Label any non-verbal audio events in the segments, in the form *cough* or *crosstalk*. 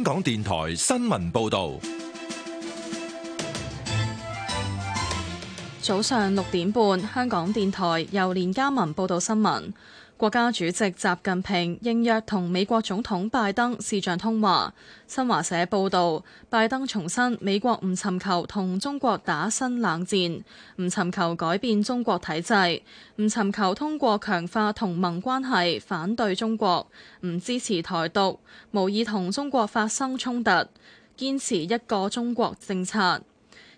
香港電台新聞報道。早上六點半，香港電台由連家文報道新聞。國家主席習近平應約同美國總統拜登視像通話。新華社報道，拜登重申，美國唔尋求同中國打新冷戰，唔尋求改變中國體制，唔尋求通過強化同盟關係反對中國，唔支持台獨，無意同中國發生衝突，堅持一個中國政策。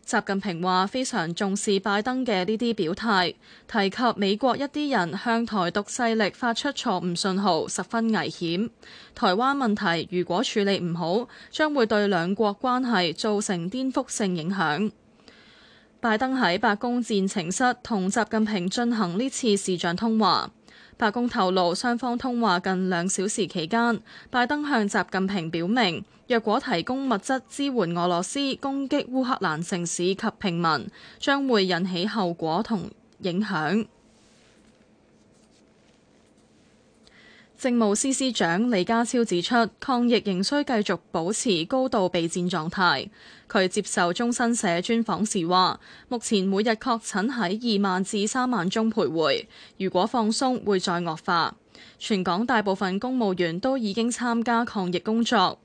習近平話非常重視拜登嘅呢啲表態，提及美國一啲人向台獨勢力發出錯誤信號，十分危險。台灣問題如果處理唔好，將會對兩國關係造成顛覆性影響。拜登喺白宮戰情室同習近平進行呢次視像通話。白宮透露，雙方通話近兩小時期間，拜登向習近平表明，若果提供物質支援俄羅斯攻擊烏克蘭城市及平民，將會引起後果同影響。政務司司長李家超指出，抗疫仍需繼續保持高度備戰狀態。佢接受中新社專訪時話，目前每日確診喺二萬至三萬宗徘徊，如果放鬆會再惡化。全港大部分公務員都已經參加抗疫工作，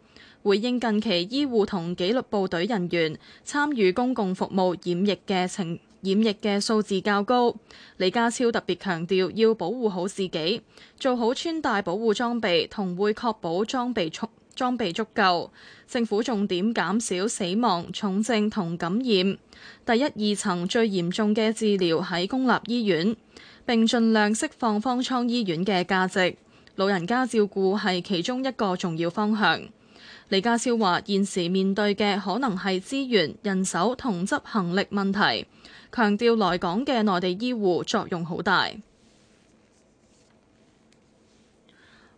回應近期醫護同紀律部隊人員參與公共服務染疫嘅情況。染疫嘅數字較高，李家超特別強調要保護好自己，做好穿戴保護裝備，同會確保裝備足，裝備足夠。政府重點減少死亡、重症同感染。第一、二層最嚴重嘅治療喺公立醫院，並盡量釋放方艙醫院嘅價值。老人家照顧係其中一個重要方向。李家超話：現時面對嘅可能係資源、人手同執行力問題，強調來港嘅內地醫護作用好大。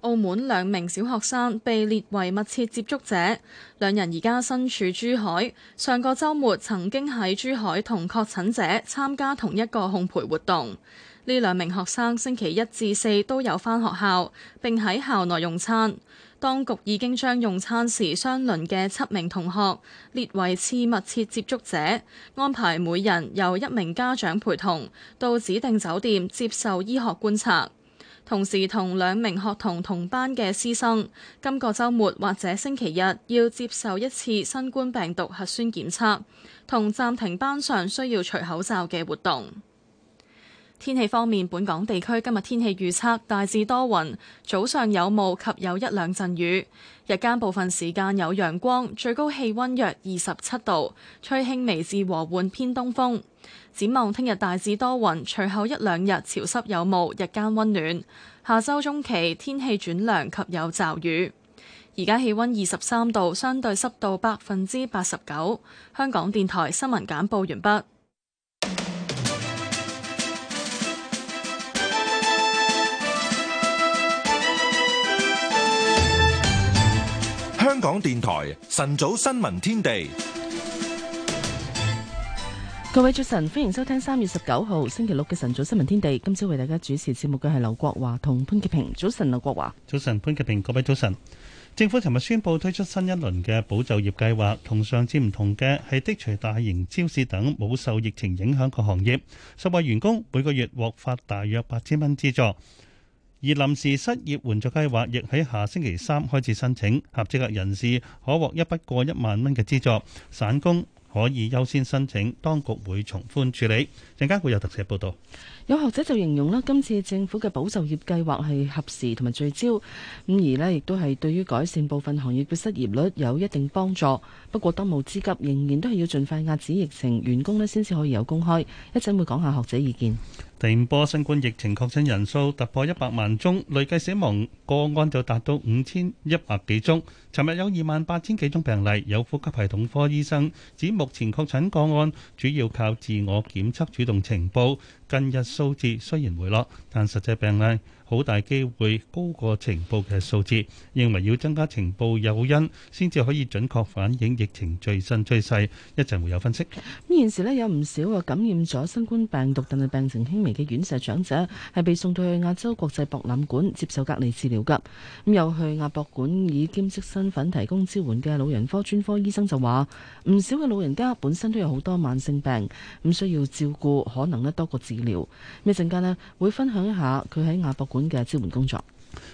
澳門兩名小學生被列為密切接觸者，兩人而家身處珠海，上個週末曾經喺珠海同確診者參加同一個烘焙活動。呢兩名學生星期一至四都有返學校，並喺校內用餐。當局已經將用餐時相鄰嘅七名同學列為次密切接觸者，安排每人由一名家長陪同到指定酒店接受醫學觀察，同時同兩名學童同班嘅師生今個週末或者星期日要接受一次新冠病毒核酸檢測，同暫停班上需要除口罩嘅活動。天氣方面，本港地區今日天氣預測大致多雲，早上有霧及有一兩陣雨，日間部分時間有陽光，最高氣溫約二十七度，吹輕微至和緩偏東風，展望聽日大致多雲，隨後一兩日潮濕有霧，日間溫暖。下周中期天氣轉涼及有驟雨。而家氣溫二十三度，相對濕度百分之八十九。香港電台新聞簡報完畢。香港電台晨早新聞天地，各位早晨，歡迎收聽三月十九號星期六嘅晨早新聞天地。今朝為大家主持節目嘅係劉國華同潘潔平。早晨，劉國華，早晨，潘潔平，各位早晨。政府尋日宣布推出新一輪嘅保就業計劃，同上次唔同嘅係剔除大型超市等冇受疫情影響嘅行業，十位員工每個月獲發大約八千蚊資助。而臨時失業援助計劃亦喺下星期三開始申請，合資格人士可獲一筆過一萬蚊嘅資助，散工可以優先申請，當局會從寬處理。陣間會有特寫報道。有學者就形容啦，今次政府嘅保就業計劃係合時同埋聚焦，咁而呢亦都係對於改善部分行業嘅失業率有一定幫助。不過當務之急仍然都係要盡快壓止疫情，員工咧先至可以有工開。一陣會講下學者意見。第五波新冠疫情確診人數突破一百萬宗，累計死亡個案就達到五千一百幾宗。尋日有二萬八千幾宗病例。有呼吸系統科醫生指，目前確診個案主要靠自我檢測主動情報，近日數字雖然回落，但實際病例。好大機會高過情報嘅數字，認為要增加情報誘因，先至可以準確反映疫情最新趨勢。一陣會有分析。咁現時有唔少感染咗新冠病毒但係病情輕微嘅院舍長者，係被送到去亞洲國際博覽館接受隔離治療㗎。咁又去亞博館以兼職身份提供支援嘅老人科專科醫生就話：唔少嘅老人家本身都有好多慢性病，咁需要照顧，可能咧多過治療。咩陣間咧會分享一下佢喺亞博館嘅支援工作。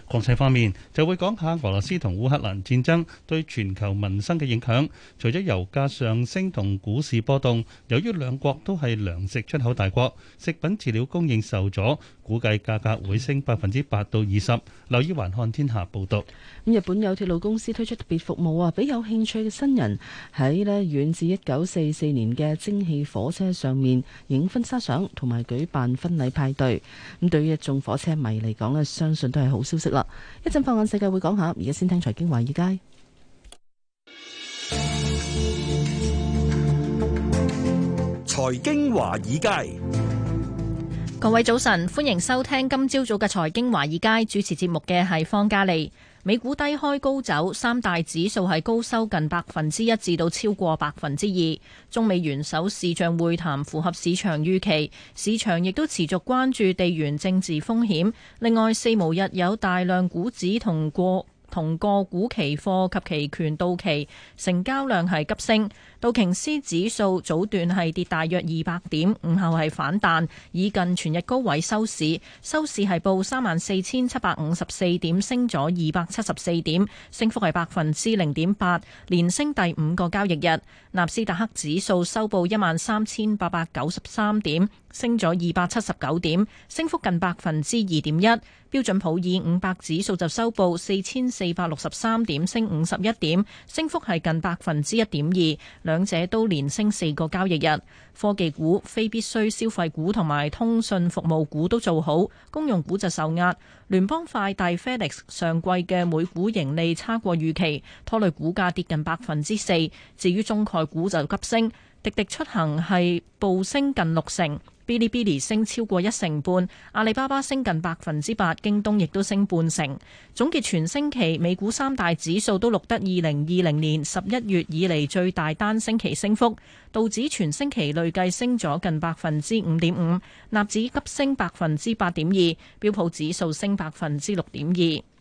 國際方面，就會講下俄羅斯同烏克蘭戰爭對全球民生嘅影響。除咗油價上升同股市波動，由於兩國都係糧食出口大國，食品、飼料供應受阻。估計價格會升百分之八到二十。留意環看天下報道。日本有鐵路公司推出特別服務啊，俾有興趣嘅新人喺咧遠至一九四四年嘅蒸汽火車上面影婚紗相同埋舉辦婚禮派對。咁對於一眾火車迷嚟講咧，相信都係好消息啦。一陣放眼世界會講下，而家先聽財經華爾街。財經華爾街。各位早晨，歡迎收聽今朝早嘅財經華爾街，主持節目嘅係方嘉莉。美股低開高走，三大指數係高收近百分之一至到超過百分之二。中美元首視像會談符合市場預期，市場亦都持續關注地緣政治風險。另外，四巫日有大量股指同過，同個股期貨及期權到期，成交量係急升。道瓊斯指數早段係跌大約二百點，午後係反彈，以近全日高位收市，收市係報三萬四千七百五十四點，升咗二百七十四點，升幅係百分之零點八，連升第五個交易日。納斯達克指數收報一萬三千八百九十三點。升咗二百七十九點，升幅近百分之二點一。標準普爾五百指數就收報四千四百六十三點，升五十一點，升幅係近百分之一點二。兩者都連升四個交易日。科技股、非必需消費股同埋通訊服務股都做好，公用股就受壓。聯邦快遞 FedEx 上季嘅每股盈利差過預期，拖累股價跌近百分之四。至於中概股就急升，滴滴出行係暴升近六成。嗶哩嗶哩升超過一成半，阿里巴巴升近百分之八，京東亦都升半成。總結全星期，美股三大指數都錄得二零二零年十一月以嚟最大單星期升幅，道指全星期累計升咗近百分之五點五，納指急升百分之八點二，標普指數升百分之六點二。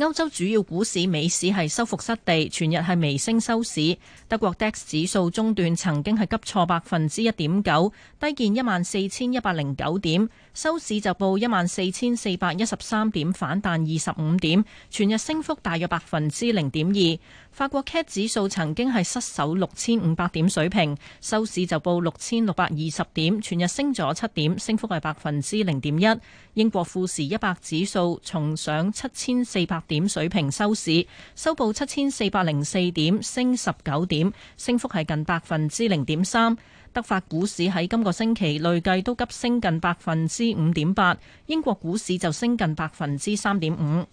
歐洲主要股市、美市係收復失地，全日係微升收市。德國 DAX 指數中段曾經係急挫百分之一點九，低見一萬四千一百零九點，收市就報一萬四千四百一十三點，反彈二十五點，全日升幅大約百分之零點二。法國 CAC 指數曾經係失守六千五百點水平，收市就報六千六百二十點，全日升咗七點，升幅係百分之零點一。英國富時一百指數重上七千四百點水平收市，收報七千四百零四點，升十九點，升幅係近百分之零點三。德法股市喺今個星期累計都急升近百分之五點八，英國股市就升近百分之三點五。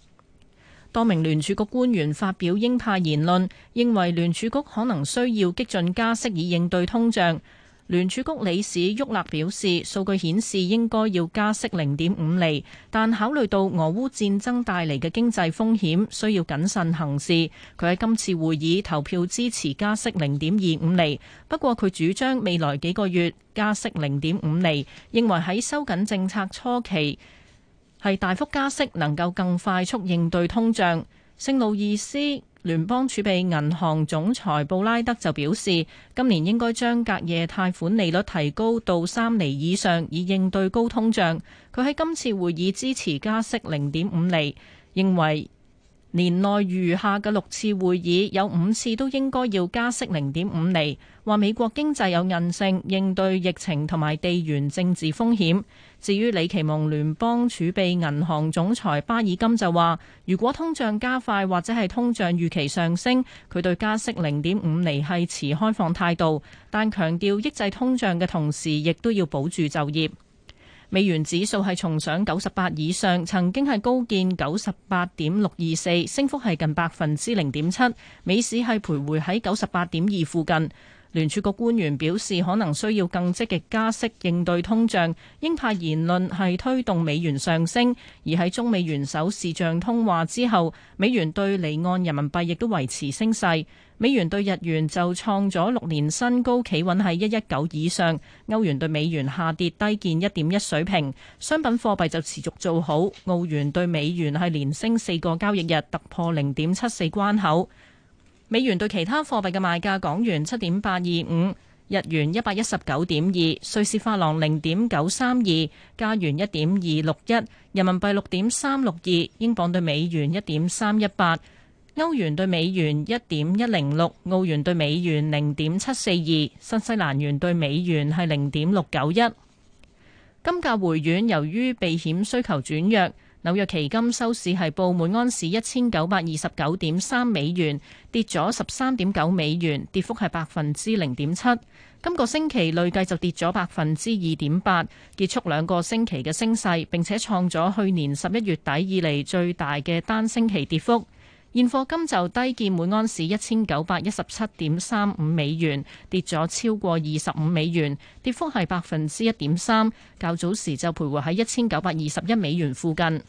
多名聯儲局官員發表鷹派言論，認為聯儲局可能需要激進加息以應對通脹。聯儲局理事沃勒表示，數據顯示應該要加息零點五厘，但考慮到俄烏戰爭帶嚟嘅經濟風險，需要謹慎行事。佢喺今次會議投票支持加息零點二五厘，不過佢主張未來幾個月加息零點五厘，認為喺收緊政策初期。係大幅加息，能夠更快速應對通脹。聖路易斯聯邦儲備銀行總裁布拉德就表示，今年應該將隔夜貸款利率提高到三厘以上，以應對高通脹。佢喺今次會議支持加息零點五厘，認為，年內餘下嘅六次會議有五次都應該要加息零點五厘，話美國經濟有韌性，應對疫情同埋地緣政治風險。至於李奇蒙聯邦儲備銀行總裁巴爾金就話，如果通脹加快或者係通脹預期上升，佢對加息零點五厘係持開放態度，但強調抑制通脹嘅同時，亦都要保住就業。美元指數係重上九十八以上，曾經係高見九十八點六二四，升幅係近百分之零點七。美市係徘徊喺九十八點二附近。聯儲局官員表示，可能需要更積極加息應對通脹。鷹派言論係推動美元上升，而喺中美元首視像通話之後，美元對離岸人民幣亦都維持升勢。美元對日元就創咗六年新高，企穩喺一一九以上。歐元對美元下跌低見一點一水平。商品貨幣就持續做好，澳元對美元係連升四個交易日，突破零點七四關口。美元對其他貨幣嘅賣價：港元七點八二五，日元一百一十九點二，瑞士法郎零點九三二，加元一點二六一，人民幣六點三六二，英鎊對美元一點三一八，歐元對美元一點一零六，澳元對美元零點七四二，新西蘭元對美元係零點六九一。金價回軟，由於避險需求轉弱。紐約期金收市係報每安士一千九百二十九點三美元，跌咗十三點九美元，跌幅係百分之零點七。今個星期累計就跌咗百分之二點八，結束兩個星期嘅升勢，並且創咗去年十一月底以嚟最大嘅單星期跌幅。現貨金就低見每盎士一千九百一十七點三五美元，跌咗超過二十五美元，跌幅係百分之一點三。較早時就徘徊喺一千九百二十一美元附近。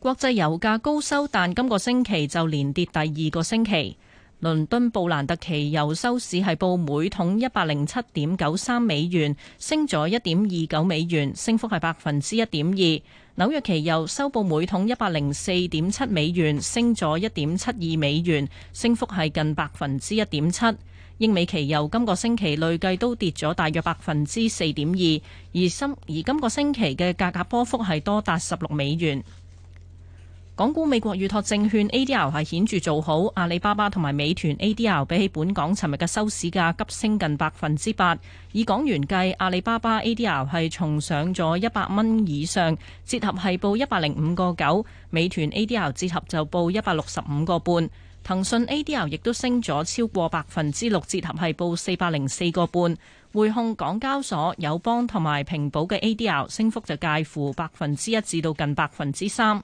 國際油價高收，但今個星期就連跌第二個星期。倫敦布蘭特期油收市係報每桶一百零七點九三美元，升咗一點二九美元，升幅係百分之一點二。紐約期油收報每桶一百零四點七美元，升咗一點七二美元，升幅係近百分之一點七。英美期油今個星期累計都跌咗大約百分之四點二，而今而今個星期嘅價格波幅係多達十六美元。港股美國預託證券 ADR 係顯著做好，阿里巴巴同埋美團 ADR 比起本港尋日嘅收市價急升近百分之八，以港元計，阿里巴巴 ADR 係重上咗一百蚊以上，折合係報一百零五個九；美團 ADR 折合就報一百六十五個半。騰訊 ADR 亦都升咗超過百分之六，折合係報四百零四個半。匯控、港交所、友邦同埋平保嘅 ADR 升幅就介乎百分之一至到近百分之三。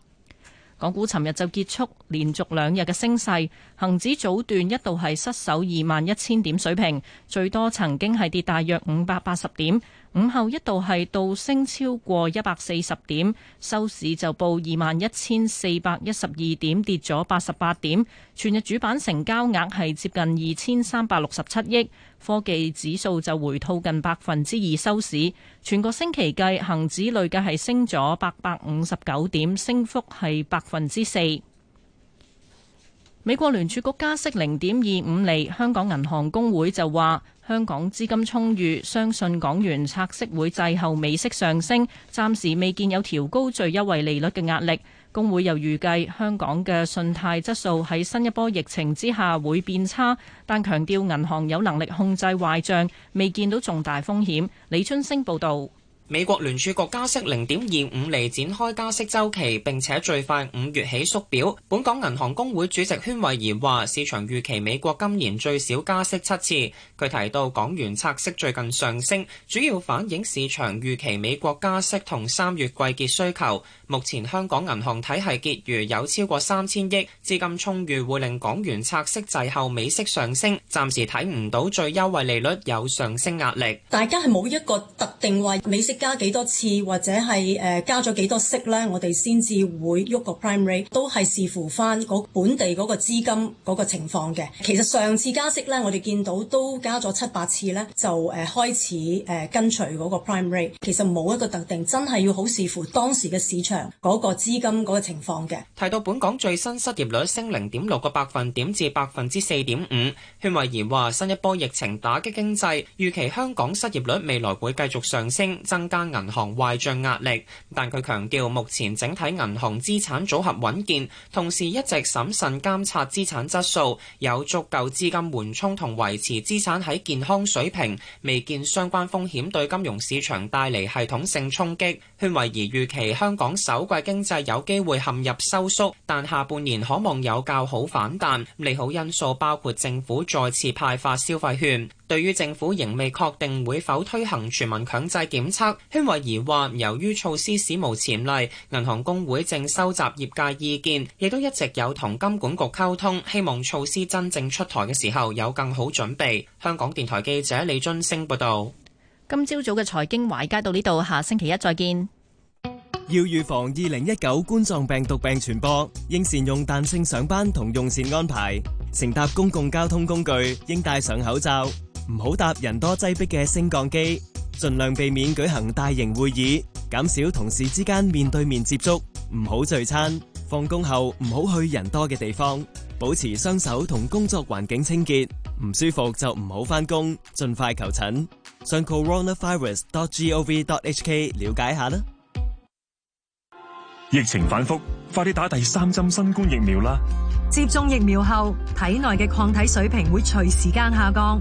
港股尋日就結束連續兩日嘅升勢，恒指早段一度係失守二萬一千點水平，最多曾經係跌大約五百八十點。午後一度係倒升超過一百四十點，收市就報二萬一千四百一十二點，跌咗八十八點。全日主板成交額係接近二千三百六十七億，科技指數就回吐近百分之二收市。全個星期計，恒指累計係升咗八百五十九點，升幅係百分之四。美國聯儲局加息零點二五厘，香港銀行公會就話。香港資金充裕，相信港元拆息會滯後美息上升，暫時未見有調高最優惠利率嘅壓力。公會又預計香港嘅信貸質素喺新一波疫情之下會變差，但強調銀行有能力控制壞賬，未見到重大風險。李春升報導。美國聯儲局加息零點二五厘，展開加息週期，並且最快五月起縮表。本港銀行公會主席禤惠儀話：市場預期美國今年最少加息七次。佢提到港元拆息最近上升，主要反映市場預期美國加息同三月季結需求。目前香港銀行體系結餘有超過三千億，資金充裕會令港元拆息滯後美息上升，暫時睇唔到最優惠利率有上升壓力。大家係冇一個特定位美息。加幾多次或者係誒加咗幾多息咧？我哋先至會喐個 prime rate，都係視乎翻本地嗰個資金嗰個情況嘅。其實上次加息咧，我哋見到都加咗七八次咧，就誒開始誒跟隨嗰個 prime rate。其實冇一個特定，真係要好視乎當時嘅市場嗰個資金嗰個情況嘅。提到本港最新失業率升零點六個百分點至百分之四點五，勸惠儀話：新一波疫情打擊經濟，預期香港失業率未來會繼續上升增增加銀行壞賬壓力，但佢強調目前整體銀行資產組合穩健，同時一直審慎監察資產質素，有足夠資金緩衝同維持資產喺健康水平，未見相關風險對金融市場帶嚟系統性衝擊，勸衞議預期香港首季經濟有機會陷入收縮，但下半年可望有較好反彈。利好因素包括政府再次派發消費券。對於政府仍未確定會否推行全民強制檢測。軒偉儀話：由於措施史無前例，銀行公會正收集業界意見，亦都一直有同金管局溝通，希望措施真正出台嘅時候有更好準備。香港電台記者李津升報道。今朝早嘅財經華街到呢度，下星期一再見。要預防二零一九冠狀病毒病傳播，應善用彈性上班同用膳安排。乘搭公共交通工具應戴上口罩，唔好搭人多擠迫嘅升降機。盡量避免舉行大型會議，減少同事之間面對面接觸，唔好聚餐，放工後唔好去人多嘅地方，保持雙手同工作環境清潔，唔舒服就唔好返工，盡快求診。上 coronavirus.gov.hk 了解一下啦。疫情反覆，快啲打第三針新冠疫苗啦！接種疫苗後，體內嘅抗體水平會隨時間下降。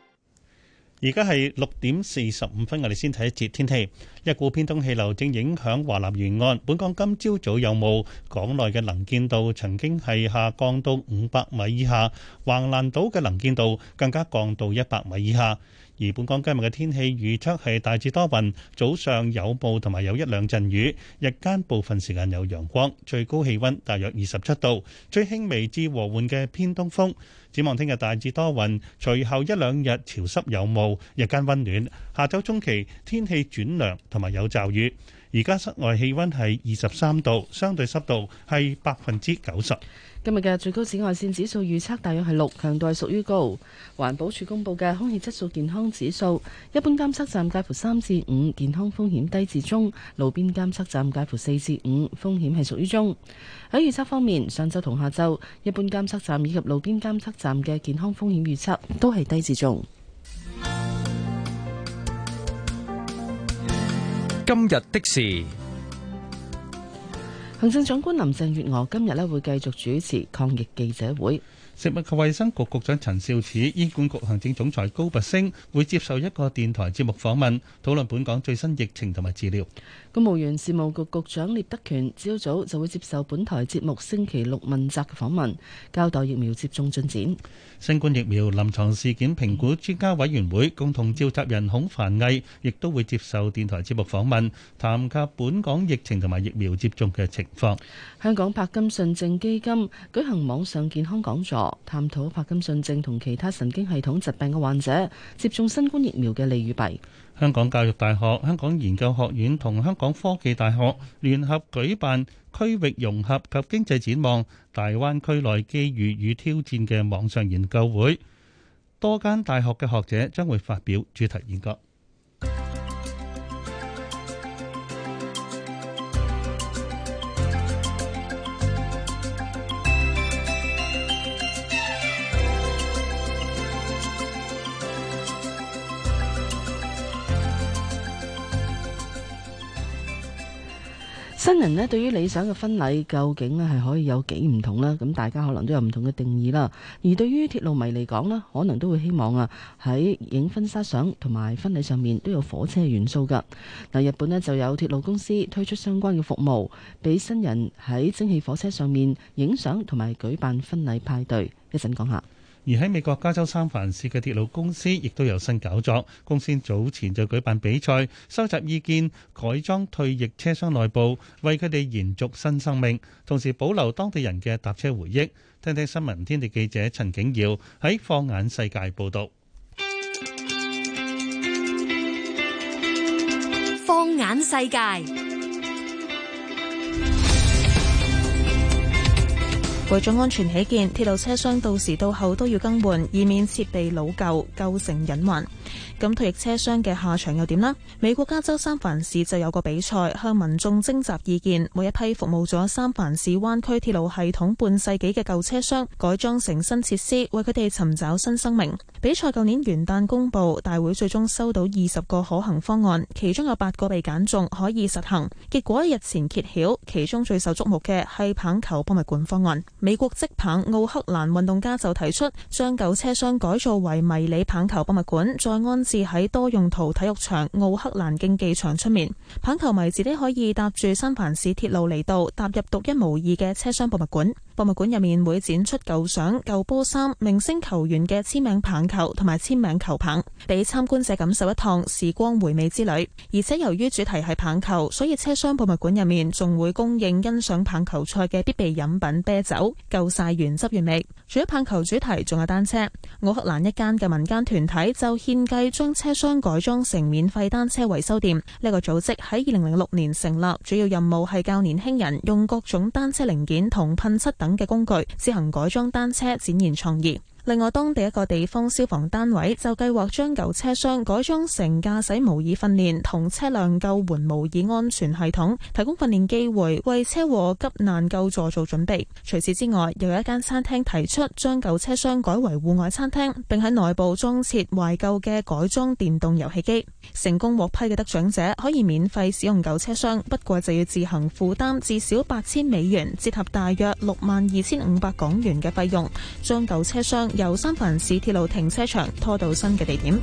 而家係六點四十五分，我哋先睇一節天氣。一股偏東氣流正影響華南沿岸，本港今朝早有霧，港內嘅能見度曾經係下降到五百米以下，橫瀾島嘅能見度更加降到一百米以下。而本港今日嘅天氣預測係大致多雲，早上有霧同埋有一兩陣雨，日間部分時間有陽光，最高氣溫大約二十七度，最輕微至和緩嘅偏東風。展望聽日大致多雲，隨後一兩日潮濕有霧，日間溫暖。下周中期天氣轉涼同埋有驟雨。而家室外氣溫係二十三度，相對濕度係百分之九十。今日嘅最高紫外線指數預測大約係六，強度係屬於高。環保署公布嘅空氣質素健康指數，一般監測站介乎三至五，健康風險低至中；路邊監測站介乎四至五，風險係屬於中。喺預測方面，上晝同下晝，一般監測站以及路邊監測站嘅健康風險預測都係低至中。今日的事。行政長官林鄭月娥今日呢會繼續主持抗疫記者會，食物及衛生局局長陳肇始、醫管局行政總裁高拔升會接受一個電台節目訪問，討論本港最新疫情同埋治療。公務員事務局局長聶德權朝早就會接受本台節目星期六問責嘅訪問，交代疫苗接種進展。新冠疫苗臨床事件評估專家委員會共同召集人孔凡毅亦都會接受電台節目訪問，談及本港疫情同埋疫苗接種嘅情況。香港柏金遜症基金舉行網上健康講座，探討柏金遜症同其他神經系統疾病嘅患者接種新冠疫苗嘅利與弊。香港教育大學、香港研究學院同香港科技大學聯合舉辦區域融合及經濟展望、大灣區內機遇與挑戰嘅網上研究會，多間大學嘅學者將會發表主題演講。新人咧，對於理想嘅婚禮究竟咧，係可以有幾唔同呢？咁大家可能都有唔同嘅定義啦。而對於鐵路迷嚟講呢，可能都會希望啊喺影婚紗相同埋婚禮上面都有火車元素噶。嗱，日本咧就有鐵路公司推出相關嘅服務，俾新人喺蒸汽火車上面影相同埋舉辦婚禮派對。講一陣講下。而喺美國加州三藩市嘅鐵路公司亦都有新搞作，公司早前就舉辦比賽，收集意見，改裝退役車廂內部，為佢哋延續新生命，同時保留當地人嘅搭車回憶。聽聽新聞天地記者陳景耀喺《放眼世界》報導。放眼世界。為咗安全起見，鐵路車廂到時到後都要更換，以免設備老舊，構成隱患。咁退役車廂嘅下場又點呢？美國加州三藩市就有個比賽，向民眾徵集意見，每一批服務咗三藩市灣區鐵路系統半世紀嘅舊車廂改裝成新設施，為佢哋尋找新生命。比賽舊年元旦公布，大會最終收到二十個可行方案，其中有八個被揀中可以實行。結果日前揭曉，其中最受矚目嘅係棒球博物館方案。美國職棒奧克蘭運動家就提出將舊車廂改造為迷你棒球博物館，安置喺多用途體育場奧克蘭競技場出面，棒球迷自己可以搭住三藩市鐵路嚟到，踏入獨一無二嘅車廂博物館。博物館入面會展出舊相、舊波衫、明星球員嘅簽名棒球同埋簽名球棒，俾參觀者感受一趟時光回味之旅。而且由於主題係棒球，所以車廂博物館入面仲會供應欣賞棒球賽嘅必備飲品啤酒，夠晒原汁原味。除咗棒球主題，仲有單車。奧克蘭一間嘅民間團體就獻計將車廂改裝成免費單車維修店。呢個組織喺二零零六年成立，主要任務係教年輕人用各種單車零件同噴漆等嘅工具，自行改裝單車，展現創意。另外，當地一個地方消防單位就計劃將舊車廂改裝成駕駛模擬訓練同車輛救援模擬安全系統，提供訓練機會，為車禍急難救助做準備。除此之外，又有一間餐廳提出將舊車廂改為戶外餐廳，並喺內部裝設懷舊嘅改裝電動遊戲機。成功獲批嘅得獎者可以免費使用舊車廂，不過就要自行負擔至少八千美元（折合大約六萬二千五百港元）嘅費用，將舊車廂，由三藩市鐵路停車場拖到新嘅地點。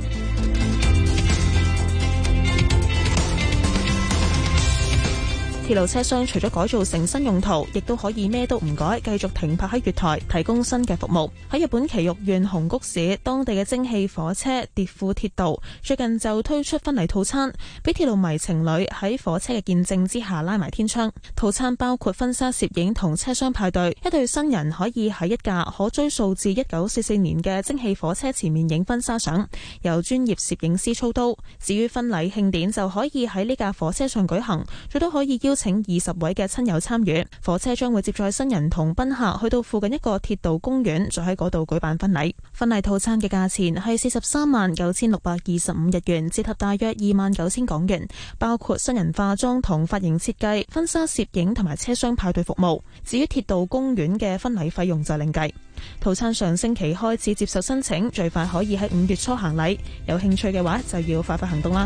鐵路車廂除咗改造成新用途，亦都可以咩都唔改，繼續停泊喺月台，提供新嘅服務。喺日本埼玉縣熊谷市，當地嘅蒸汽火車秩父鐵道最近就推出婚禮套餐，俾鐵路迷情侶喺火車嘅見證之下拉埋天窗。套餐包括婚紗攝影同車廂派對，一對新人可以喺一架可追溯至一九四四年嘅蒸汽火車前面影婚紗相，由專業攝影師操刀。至於婚禮慶典，就可以喺呢架火車上舉行，最多可以邀請二十位嘅親友參與，火車將會接載新人同賓客去到附近一個鐵道公園，再喺嗰度舉辦婚禮。婚禮套餐嘅價錢係四十三萬九千六百二十五日元，折合大約二萬九千港元，包括新人化妝同髮型設計、婚紗攝影同埋車廂派對服務。至於鐵道公園嘅婚禮費用就另計。套餐上星期開始接受申請，最快可以喺五月初行禮。有興趣嘅話，就要快快行動啦！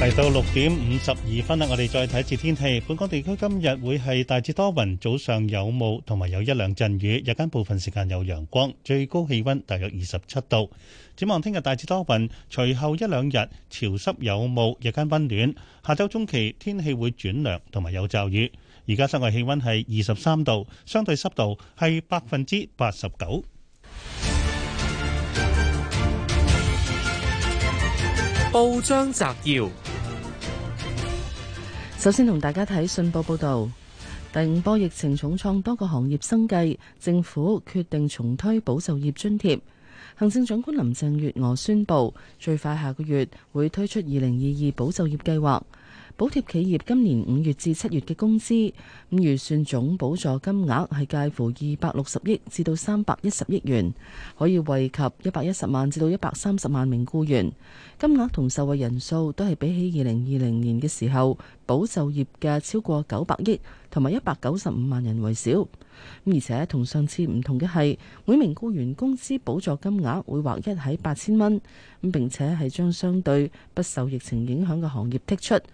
嚟到六點五十二分啦，我哋再睇一次天氣。本港地區今日會係大致多雲，早上有霧同埋有一兩陣雨，日間部分時間有陽光，最高氣溫大約二十七度。展望聽日大致多雲，隨後一兩日潮濕有霧，日間溫暖。下周中期天氣會轉涼同埋有驟雨。而家室外氣溫係二十三度，相對濕度係百分之八十九。報章摘要。首先同大家睇信報報道，第五波疫情重創多個行業生計，政府決定重推保就業津貼。行政長官林鄭月娥宣布，最快下個月會推出二零二二保就業計劃。補貼企業今年五月至七月嘅工資，咁預算總補助金額係介乎二百六十億至到三百一十億元，可以惠及一百一十萬至到一百三十萬名僱員。金額同受惠人數都係比起二零二零年嘅時候保就業嘅超過九百億同埋一百九十五萬人為少。而且同上次唔同嘅係每名僱員工資補助金額會劃一喺八千蚊，咁並且係將相對不受疫情影響嘅行業剔出。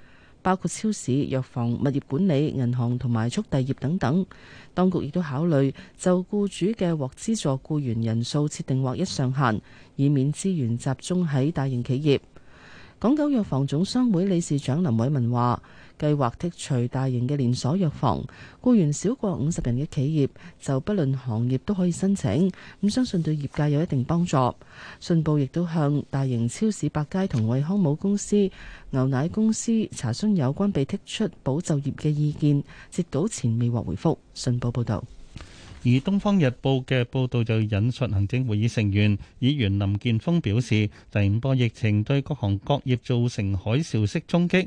包括超市、藥房、物業管理、銀行同埋速遞業等等，當局亦都考慮就僱主嘅獲資助僱員人數設定劃一上限，以免資源集中喺大型企業。港九藥房總商會理事長林偉文話。計劃剔除大型嘅連鎖藥房，雇員少過五十人嘅企業就不論行業都可以申請。咁相信對業界有一定幫助。信報亦都向大型超市百佳同惠康母公司、牛奶公司查詢有關被剔出保就業嘅意見，截稿前未獲回覆。信報報導。而《東方日報》嘅報道就引述行政會議成員議員林健鋒表示：第五波疫情對各行各業造成海嘯式衝擊。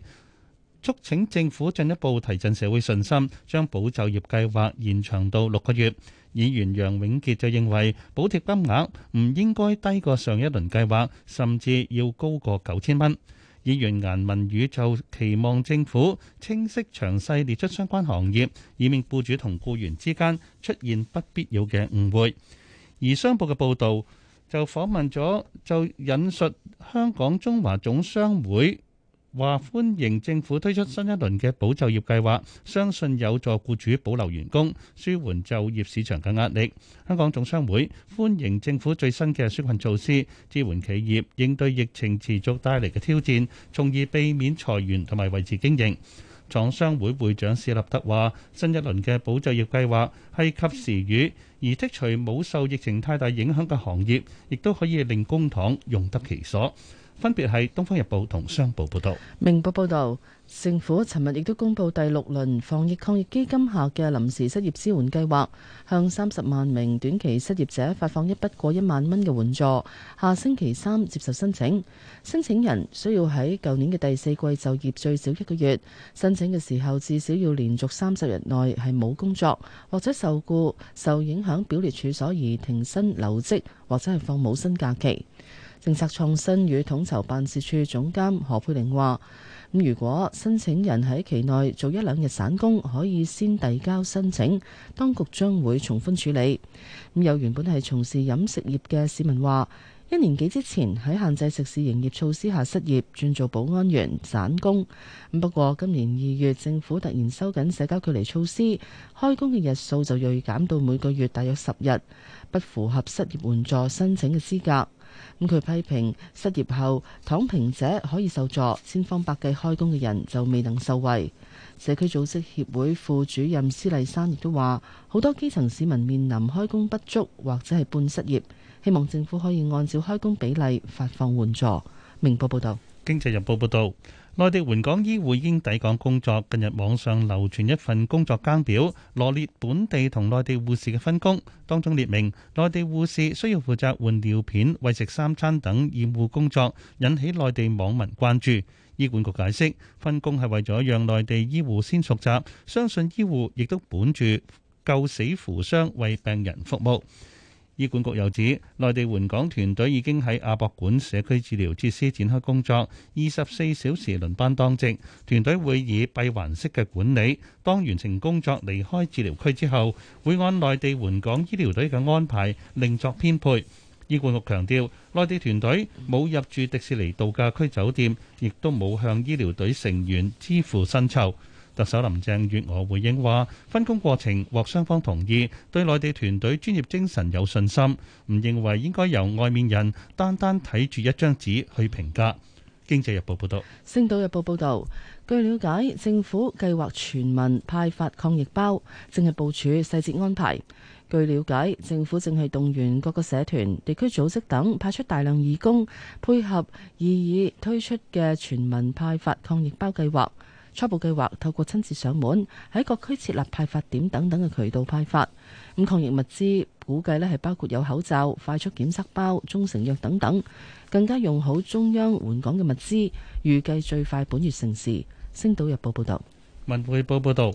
促請政府進一步提振社會信心，將保就業計劃延長到六個月。議員楊永傑就認為補貼金額唔應該低過上一輪計劃，甚至要高過九千蚊。議員顏文宇就期望政府清晰詳細列出相關行業，以免雇主同雇員之間出現不必要嘅誤會。而商報嘅報導就訪問咗，就引述香港中華總商會。話歡迎政府推出新一輪嘅保就業計劃，相信有助雇主保留員工，舒緩就業市場嘅壓力。香港總商會歡迎政府最新嘅紓困措施，支援企業應對疫情持續帶嚟嘅挑戰，從而避免裁員同埋維持經營。廠商會會長史立德話，新一輪嘅保就業計劃係及時雨，而剔除冇受疫情太大影響嘅行業，亦都可以令公帑用得其所。分別係《東方日報》同《商報》報導。明報報導，政府尋日亦都公布第六輪防疫抗疫基金下嘅臨時失業支援計劃，向三十萬名短期失業者發放一筆過一萬蚊嘅援助。下星期三接受申請，申請人需要喺舊年嘅第四季就業最少一個月，申請嘅時候至少要連續三十日內係冇工作或者受雇受影響，表列處所以停薪留職或者係放冇薪假期。政策創新與統籌辦事處總監何佩玲話，咁如果申請人喺期內做一兩日散工，可以先遞交申請，當局將會從寬處理。咁有原本係從事飲食業嘅市民話，一年幾之前喺限制食肆營業措施下失業轉做保安員散工。咁不過今年二月政府突然收緊社交距離措施，開工嘅日數就銳減到每個月大約十日，不符合失業援助申請嘅資格。咁佢批評失業後躺平者可以受助，千方百計開工嘅人就未能受惠。社區組織協會副主任施麗珊亦都話，好多基層市民面臨開工不足或者係半失業，希望政府可以按照開工比例發放援助。明報報道，經濟日報報道。內地援港醫護已經抵港工作，近日網上流傳一份工作更表，羅列本地同內地護士嘅分工，當中列明內地護士需要負責換尿片、餵食三餐等護理工作，引起內地網民關注。醫管局解釋，分工係為咗讓內地醫護先熟習，相信醫護亦都本住救死扶傷為病人服務。醫管局又指，內地援港團隊已經喺亞博館社區治療設施展開工作，二十四小時輪班當值。團隊會以閉環式嘅管理，當完成工作離開治療區之後，會按內地援港醫療隊嘅安排另作編配。醫管局強調，內地團隊冇入住迪士尼度假區酒店，亦都冇向醫療隊成員支付薪酬。特首林鄭月娥回應話：分工過程獲雙方同意，對內地團隊專業精神有信心，唔認為應該由外面人單單睇住一張紙去評價。經濟日報報導。星島日報報導，據了解，政府計劃全民派發抗疫包，正係部署細節安排。據了解，政府正係動員各個社團、地區組織等派出大量義工，配合意已推出嘅全民派發抗疫包計劃。初步計劃透過親自上門、喺各區設立派發點等等嘅渠道派發。咁、嗯、抗疫物資估計咧係包括有口罩、快速檢測包、中成藥等等，更加用好中央援港嘅物資。預計最快本月成事。星島日報報道。文匯報報導。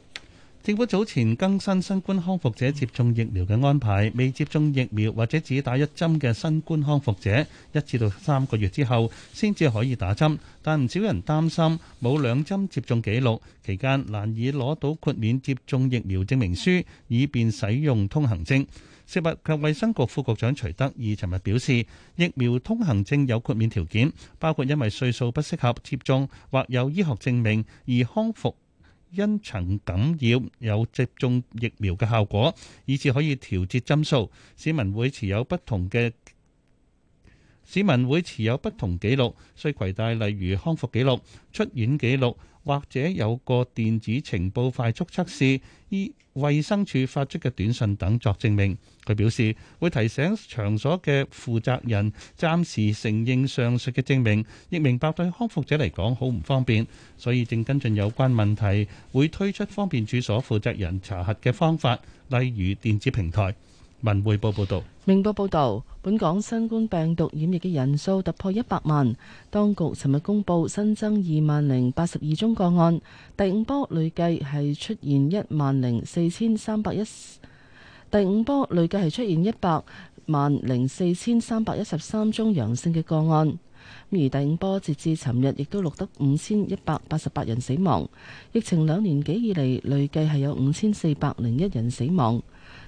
政府早前更新新冠康復者接種疫苗嘅安排，未接種疫苗或者只打一針嘅新冠康復者，一至到三個月之後先至可以打針，但唔少人擔心冇兩針接種記錄期間難以攞到豁免接種疫苗證明書，以便使用通行證。食物及衛生局副局長徐德義尋日表示，疫苗通行證有豁免條件，包括因為歲數不適合接種或有醫學證明而康復。因曾感染有接種疫苗嘅效果，以至可以調節針數。市民會持有不同嘅市民會持有不同記錄，需攜帶例如康復記錄、出院記錄。或者有個電子情報快速測試，以衛生署發出嘅短信等作證明。佢表示會提醒場所嘅負責人暫時承認上述嘅證明，亦明白對康復者嚟講好唔方便，所以正跟進有關問題，會推出方便處所負責人查核嘅方法，例如電子平台。文匯報報道，明報報道，本港新冠病毒染疫嘅人數突破一百萬。當局尋日公布新增二萬零八十二宗個案，第五波累計係出現一萬零四千三百一，第五波累計係出現一百萬零四千三百一十三宗陽性嘅個案。而第五波截至尋日亦都錄得五千一百八十八人死亡。疫情兩年幾以嚟，累計係有五千四百零一人死亡。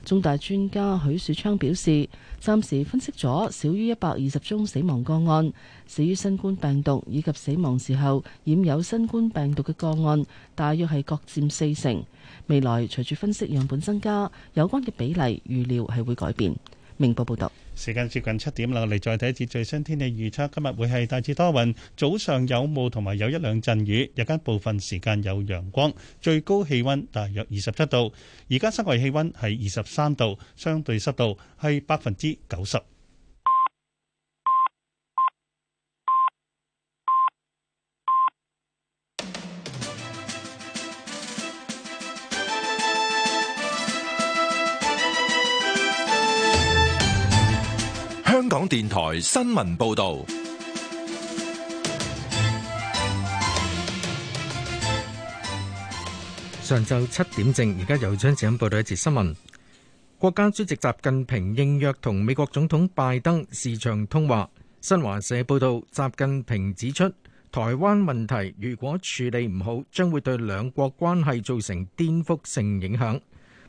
中大專家許樹昌表示，暫時分析咗少於一百二十宗死亡個案，死於新冠病毒以及死亡時候染有新冠病毒嘅個案，大約係各佔四成。未來隨住分析樣本增加，有關嘅比例預料係會改變。明報報道，時間接近七點啦，嚟再睇一次最新天氣預測。今日會係大致多雲，早上有霧同埋有一兩陣雨，日間部分時間有陽光，最高氣溫大約二十七度。而家室外氣溫係二十三度，相對濕度係百分之九十。香港電台新聞報道，上晝七點正，而家有張小欣報道一節新聞。國家主席習近平應約同美國總統拜登視像通話。新華社報道，習近平指出，台灣問題如果處理唔好，將會對兩國關係造成顛覆性影響。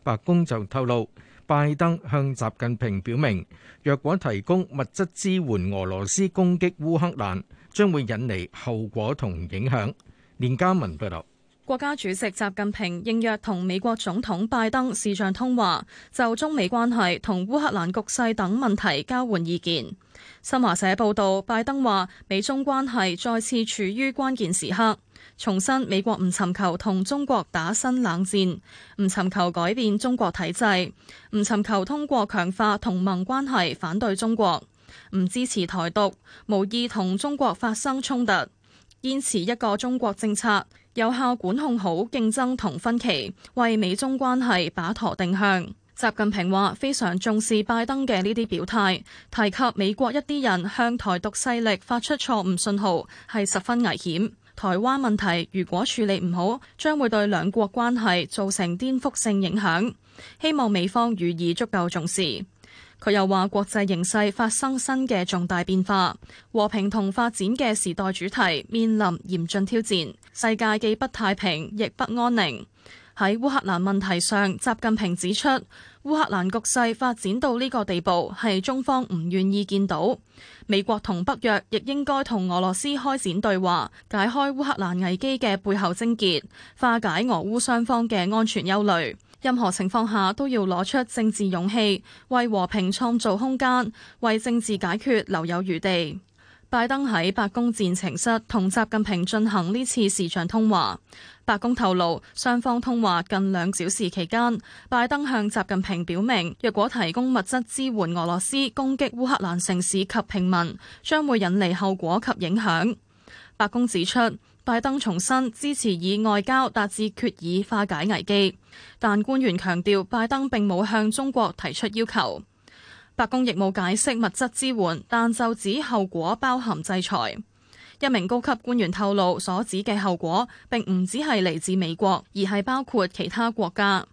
白宮就透露，拜登向習近平表明，若果提供物質支援俄羅斯攻擊烏克蘭，將會引嚟後果同影響。連家文報道。國家主席習近平應約同美國總統拜登視像通話，就中美關係同烏克蘭局勢等問題交換意見。新華社報道，拜登話：美中關係再次處於關鍵時刻，重申美國唔尋求同中國打新冷戰，唔尋求改變中國體制，唔尋求通過強化同盟關係反對中國，唔支持台獨，無意同中國發生衝突，堅持一個中國政策。有效管控好競爭同分歧，為美中關係把舵定向。習近平話：非常重視拜登嘅呢啲表態，提及美國一啲人向台獨勢力發出錯誤信號，係十分危險，台灣問題如果處理唔好，將會對兩國關係造成顛覆性影響，希望美方予以足夠重視。佢又話：國際形勢發生新嘅重大變化，和平同發展嘅時代主題面臨嚴峻挑戰，世界既不太平，亦不安寧。喺烏克蘭問題上，習近平指出，烏克蘭局勢發展到呢個地步，係中方唔願意見到。美國同北約亦應該同俄羅斯開展對話，解開烏克蘭危機嘅背後症結，化解俄烏雙方嘅安全憂慮。任何情況下都要攞出政治勇氣，為和平創造空間，為政治解決留有餘地。拜登喺白宮戰情室同習近平進行呢次視像通話。白宮透露，雙方通話近兩小時期間，拜登向習近平表明，若果提供物質支援俄羅斯攻擊烏克蘭城市及平民，將會引嚟後果及影響。白宮指出，拜登重申支持以外交達至決議化解危機，但官員強調，拜登並冇向中國提出要求。白宮亦冇解釋物質支援，但就指後果包含制裁。一名高級官員透露，所指嘅後果並唔只係嚟自美國，而係包括其他國家。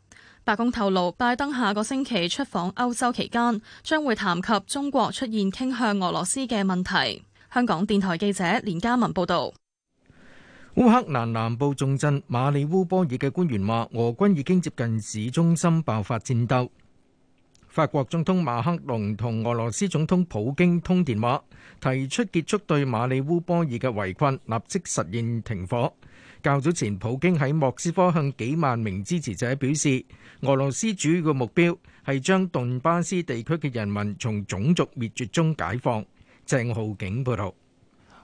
白宮透露，拜登下個星期出訪歐洲期間將會談及中國出現傾向俄羅斯嘅問題。香港電台記者連嘉文報道。烏克蘭南部重鎮馬里烏波爾嘅官員話，俄軍已經接近市中心，爆發戰鬥。法國總統馬克龍同俄羅斯總統普京通電話，提出結束對馬里烏波爾嘅圍困，立即實現停火。較早前，普京喺莫斯科向幾萬名支持者表示，俄羅斯主要嘅目標係將頓巴斯地區嘅人民從種族滅絕中解放。鄭浩景報道。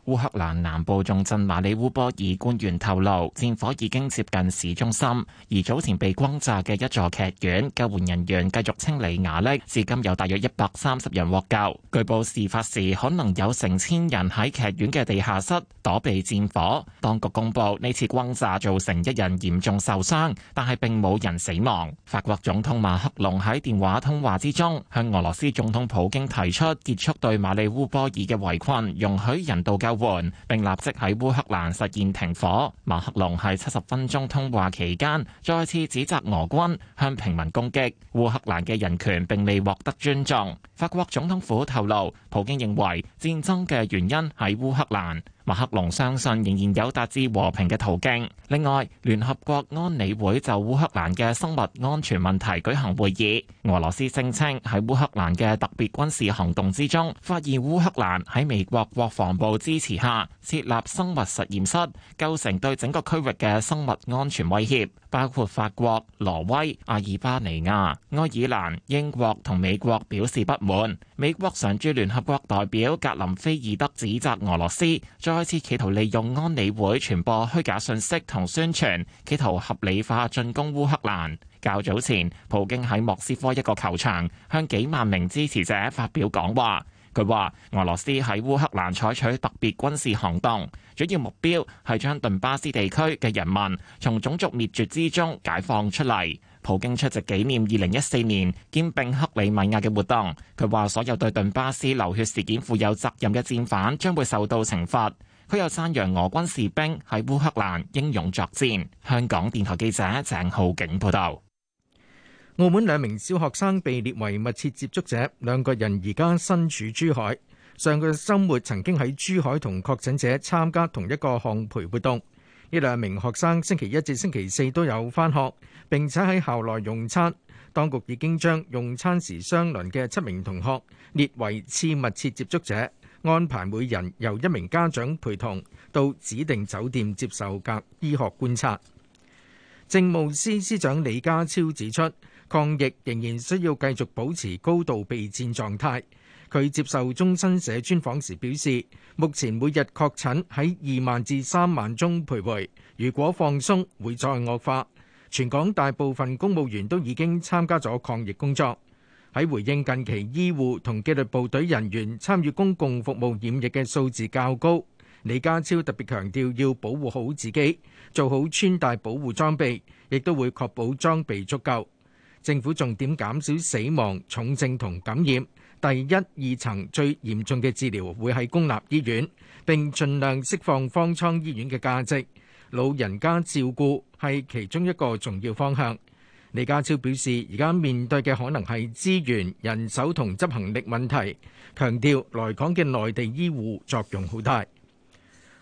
烏克蘭南部重鎮馬里烏波爾官員透露，戰火已經接近市中心，而早前被轟炸嘅一座劇院，救援人員繼續清理瓦礫，至今有大約一百三十人獲救。據報事發時可能有成千人喺劇院嘅地下室躲避戰火。當局公布呢次轟炸造成一人嚴重受傷，但係並冇人死亡。法國總統馬克龍喺電話通話之中，向俄羅斯總統普京提出結束對馬里烏波爾嘅圍困，容許人道救。換，並立即喺烏克蘭實現停火。馬克龍喺七十分鐘通話期間，再次指責俄軍向平民攻擊，烏克蘭嘅人權並未獲得尊重。法國總統府透露，普京認為戰爭嘅原因喺烏克蘭。馬克龍相信仍然有達至和平嘅途徑，另外，聯合國安理會就烏克蘭嘅生物安全問題舉行會議，俄羅斯聲稱喺烏克蘭嘅特別軍事行動之中，發現烏克蘭喺美國國防部支持下設立生物實驗室，構成對整個區域嘅生物安全威脅。包括法國、挪威、阿爾巴尼亞、愛爾蘭、英國同美國表示不滿，美國常駐聯合國代表格林菲爾德指責俄羅斯再次企圖利用安理會傳播虛假信息同宣傳，企圖合理化進攻烏克蘭。較早前，普京喺莫斯科一個球場向幾萬名支持者發表講話，佢話：俄羅斯喺烏克蘭採取特別軍事行動。主要目標係將頓巴斯地區嘅人民從種族滅絕之中解放出嚟。普京出席紀念二零一四年兼併克里米亞嘅活動，佢話所有對頓巴斯流血事件負有責任嘅戰犯將會受到懲罰。佢又讚揚俄軍士兵喺烏克蘭英勇作戰。香港電台記者鄭浩景報導。澳門兩名小學生被列為密切接觸者，兩個人而家身處珠海。上個週末曾經喺珠海同確診者參加同一個烘焙活動，呢兩名學生星期一至星期四都有返學並且喺校內用餐。當局已經將用餐時相鄰嘅七名同學列為次密切接觸者，安排每人由一名家長陪同到指定酒店接受隔醫學觀察。政務司司長李家超指出，抗疫仍然需要繼續保持高度備戰狀態。佢接受中新社專訪時表示，目前每日確診喺二萬至三萬宗徘徊。如果放鬆會再惡化。全港大部分公務員都已經參加咗抗疫工作。喺回應近期醫護同紀律部隊人員參與公共服務染疫嘅數字較高，李家超特別強調要保護好自己，做好穿戴保護裝備，亦都會確保裝備足夠，政府重點減少死亡、重症同感染。第一、二層最嚴重嘅治療會係公立醫院，並盡量釋放方艙醫院嘅價值。老人家照顧係其中一個重要方向。李家超表示，而家面對嘅可能係資源、人手同執行力問題，強調來港嘅內地醫護作用好大。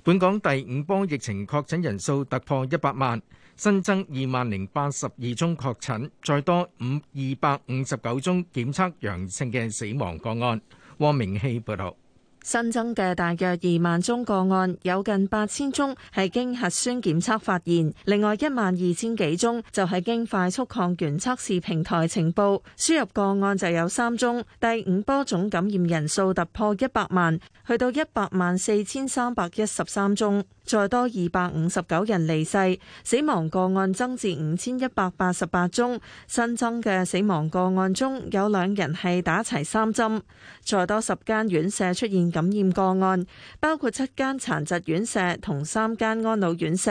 本港第五波疫情確診人數突破一百萬。新增二萬零八十二宗確診，再多五二百五十九宗檢測陽性嘅死亡個案。汪明熙報道，新增嘅大約二萬宗個案，有近八千宗係經核酸檢測發現。另外一萬二千幾宗就係經快速抗原測試平台呈報，輸入個案就有三宗。第五波總感染人數突破一百萬，去到一百萬四千三百一十三宗。再多二百五十九人離世，死亡個案增至五千一百八十八宗。新增嘅死亡個案中有兩人係打齊三針。再多十間院舍出現感染個案，包括七間殘疾院舍同三間安老院舍。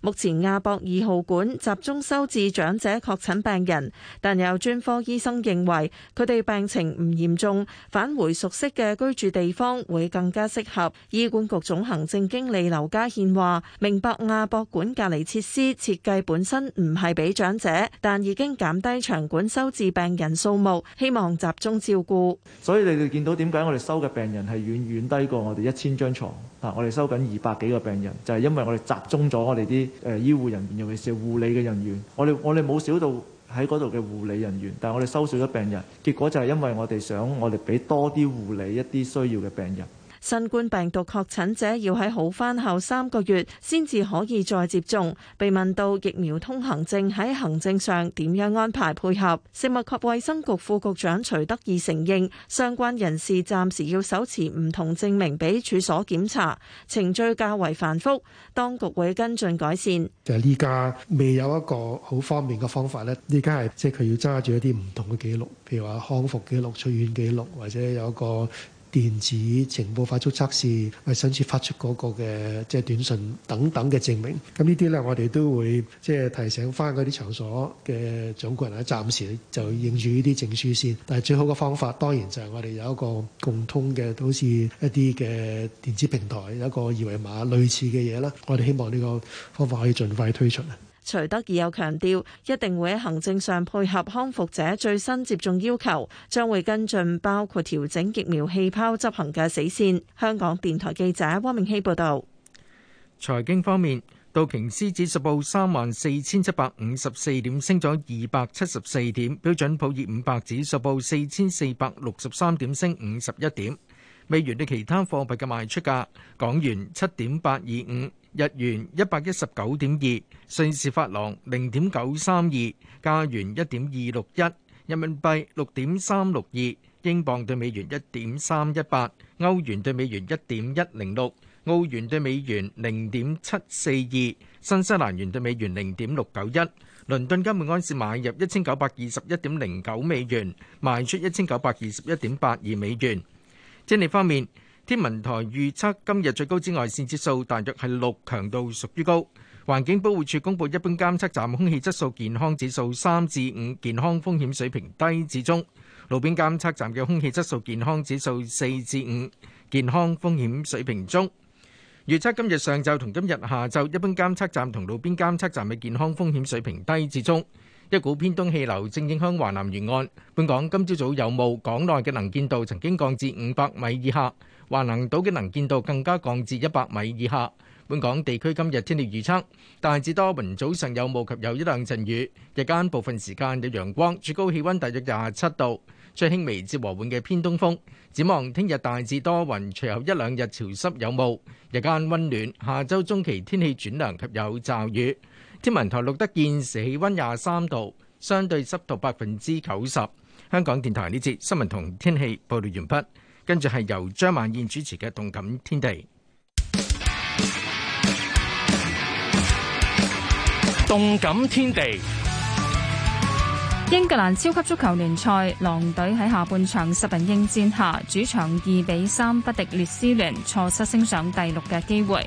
目前亞博二號館集中收治長者確診病人，但有專科醫生認為佢哋病情唔嚴重，返回熟悉嘅居住地方會更加適合。醫管局總行政經理劉家憲話，明白亞博館隔離設施設計本身唔係俾長者，但已經減低場館收治病人數目，希望集中照顧。所以你哋見到點解我哋收嘅病人係遠遠低過我哋一千張床啊？我哋收緊二百幾個病人，就係因為我哋集中咗我哋啲。誒、呃、醫護人員，尤其是護理嘅人員，我哋我哋冇少到喺嗰度嘅護理人員。但係我哋收少咗病人，結果就係因為我哋想我哋俾多啲護理一啲需要嘅病人。新冠病毒確診者要喺好翻後三個月先至可以再接種。被問到疫苗通行證喺行政上點樣安排配合，食物及衛生局副局長徐德義承認相關人士暫時要手持唔同證明俾處所檢查，程序較為繁複，當局會跟進改善。就係依家未有一個好方便嘅方法咧。依家係即係佢要揸住一啲唔同嘅記錄，譬如話康復記錄、出院記錄或者有一個。電子情報快速測試，或者甚至發出嗰個嘅即係短信等等嘅證明。咁呢啲咧，我哋都會即係提醒返嗰啲場所嘅掌管人咧，暫時就認住呢啲證書先。但係最好嘅方法，當然就係我哋有一個共通嘅，好似一啲嘅電子平台，有一個二維碼類似嘅嘢啦。我哋希望呢個方法可以盡快推出啊！徐德義又強調，一定會喺行政上配合康復者最新接種要求，將會跟進，包括調整疫苗氣泡執行嘅死線。香港電台記者汪明希報導。財經方面，道瓊斯指數報三萬四千七百五十四點，升咗二百七十四點；標準普爾五百指數報四千四百六十三點，升五十一點。美元對其他貨幣嘅賣出價，港元七點八二五。日元一百一十九點二，瑞士法郎零點九三二，加元一點二六一，人民幣六點三六二，英鎊對美元一點三一八，歐元對美元一點一零六，澳元對美元零點七四二，新西蘭元對美元零點六九一。倫敦金每安士買入一千九百二十一點零九美元，賣出一千九百二十一點八二美元。精力方面。天文台預測今日最高紫外線指數大約係六，強度屬於高。環境保護署公布一般監測站空氣質素健康指數三至五，健康風險水平低至中。路邊監測站嘅空氣質素健康指數四至五，健康風險水平中。預測今日上晝同今日下晝，一般監測站同路邊監測站嘅健康風險水平低至中。一股偏東氣流正影響華南沿岸，本港今朝早有霧，港內嘅能見度曾經降至五百米以下。橫瀾島嘅能見度更加降至一百米以下。本港地區今日天氣預測大致多雲，早上有霧及有一兩陣雨，日間部分時間有陽光，最高氣温大約廿七度，最輕微至和緩嘅偏東風。展望聽日大致多雲，隨後一兩日潮濕有霧，日間温暖。下周中期天氣轉涼及有驟雨。天文台錄得現時氣温廿三度，相對濕度百分之九十。香港電台呢節新聞同天氣報道完畢。跟住係由張曼燕主持嘅《動感天地》。動感天地，英格蘭超級足球聯賽狼隊喺下半場十人應戰下，主場二比三不敵列斯聯，錯失升上第六嘅機會。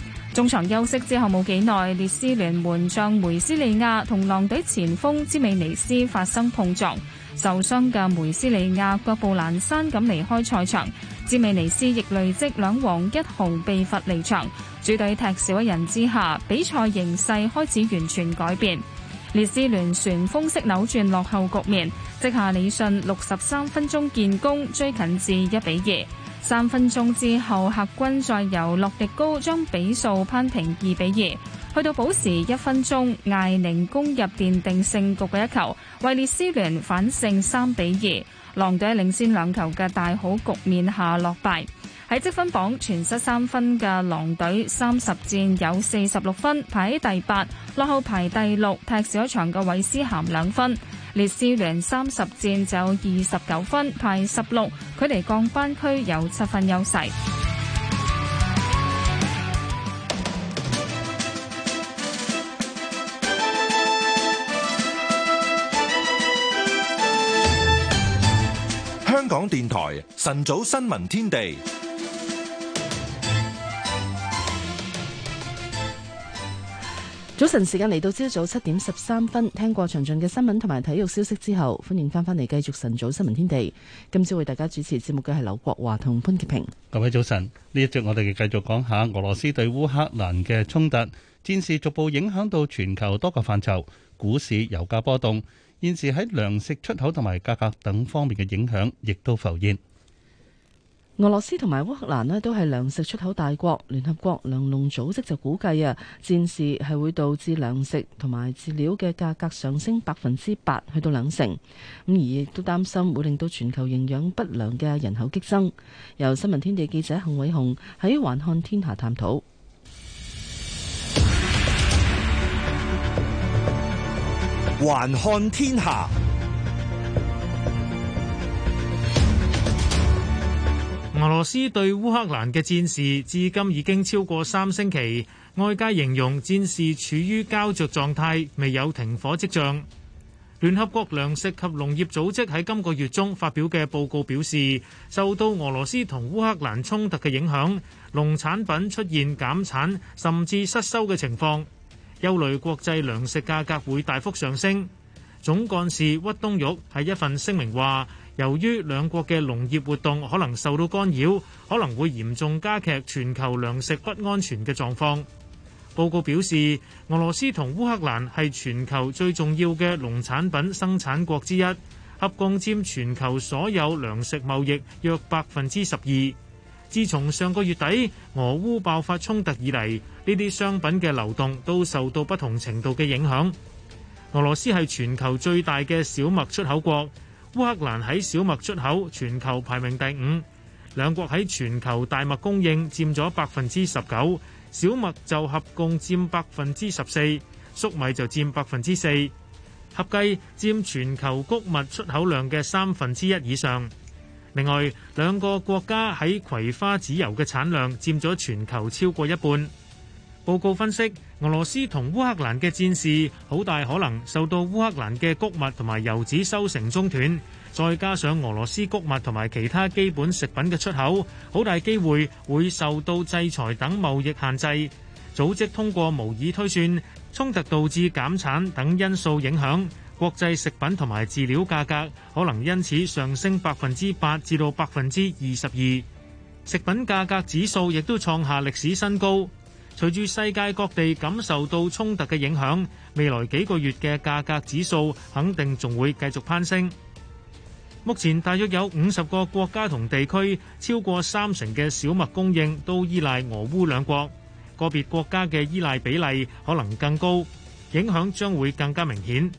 中場休息之後冇幾耐，列斯聯門將梅斯利亞同狼隊前鋒芝美尼斯發生碰撞，受傷嘅梅斯利亞腳步蹣跚咁離開賽場，芝美尼斯亦累積兩黃一紅被罰離場，主隊踢少一人之下，比賽形勢開始完全改變，列斯聯旋風式扭轉落後局面，即下李信六十三分鐘建功，追近至一比二。三分鐘之後，客軍再由洛迪高將比數攀平二比二。去到補時一分鐘，艾寧攻入奠定勝局嘅一球，為列斯聯反勝三比二。狼隊喺領先兩球嘅大好局面下落敗。喺積分榜全失三分嘅狼隊，三十戰有四十六分，排喺第八，落後排第六踢少一場嘅韋斯咸兩分。列斯聯三十戰就二十九分，排十六，距離降班區有七分優勢。香港電台晨早新聞天地。早晨時間嚟到朝早七點十三分，聽過詳盡嘅新聞同埋體育消息之後，歡迎翻返嚟繼續晨早新聞天地。今朝為大家主持節目嘅係劉國華同潘潔平。各位早晨，呢一節我哋繼續講下俄羅斯對烏克蘭嘅衝突，戰事逐步影響到全球多個範疇，股市、油價波動，現時喺糧食出口同埋價格等方面嘅影響亦都浮現。俄羅斯同埋烏克蘭呢都係糧食出口大國，聯合國糧農組織就估計啊，戰事係會導致糧食同埋飼料嘅價格上升百分之八去到兩成，咁而亦都擔心會令到全球營養不良嘅人口激增。由新聞天地記者幸偉雄喺《環看天下》探討《環看天下》。俄羅斯對烏克蘭嘅戰事至今已經超過三星期，外界形容戰事處於膠着狀態，未有停火跡象。聯合國糧食及農業組織喺今個月中發表嘅報告表示，受到俄羅斯同烏克蘭衝突嘅影響，農產品出現減產甚至失收嘅情況，憂慮國際糧食價格會大幅上升。總幹事屈冬玉喺一份聲明話由於兩國嘅農業活動可能受到干擾，可能會嚴重加劇全球糧食不安全嘅狀況。報告表示，俄羅斯同烏克蘭係全球最重要嘅農產品生產國之一，合共佔全球所有糧食貿易約百分之十二。自從上個月底俄烏爆發衝突以嚟，呢啲商品嘅流動都受到不同程度嘅影響。俄羅斯係全球最大嘅小麥出口國。烏克蘭喺小麥出口全球排名第五，兩國喺全球大麥供應占咗百分之十九，小麥就合共占百分之十四，粟米就占百分之四，合計占全球穀物出口量嘅三分之一以上。另外，兩個國家喺葵花籽油嘅產量占咗全球超過一半。報告分析。俄羅斯同烏克蘭嘅戰事，好大可能受到烏克蘭嘅谷物同埋油脂收成中斷，再加上俄羅斯谷物同埋其他基本食品嘅出口，好大機會會受到制裁等貿易限制。組織通過模擬推算，衝突導致減產等因素影響國際食品同埋飼料價格，可能因此上升百分之八至到百分之二十二，食品價格指數亦都創下歷史新高。隨住世界各地感受到衝突嘅影響，未來幾個月嘅價格指數肯定仲會繼續攀升。目前大約有五十個國家同地區，超過三成嘅小麥供應都依賴俄烏兩國，個別國家嘅依賴比例可能更高，影響將會更加明顯。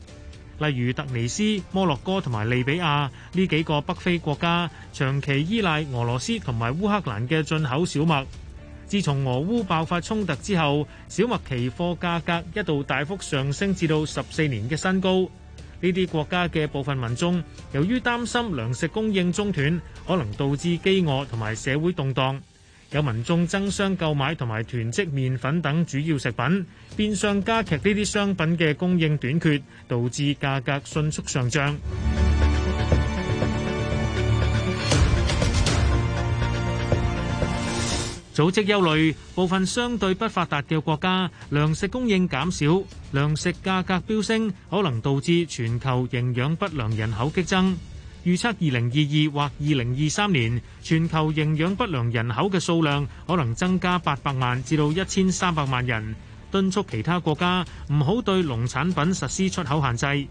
例如突尼斯、摩洛哥同埋利比亞呢幾個北非國家，長期依賴俄羅斯同埋烏克蘭嘅進口小麥。自從俄烏爆發衝突之後，小麥期貨價格一度大幅上升，至到十四年嘅新高。呢啲國家嘅部分民眾由於擔心糧食供應中斷，可能導致饑餓同埋社會動盪，有民眾爭相購買同埋囤積麵粉等主要食品，變相加劇呢啲商品嘅供應短缺，導致價格迅速上漲。組織憂慮，部分相對不發達嘅國家糧食供應減少，糧食價格飆升，可能導致全球營養不良人口激增。預測二零二二或二零二三年，全球營養不良人口嘅數量可能增加八百萬至到一千三百萬人。敦促其他國家唔好對農產品實施出口限制。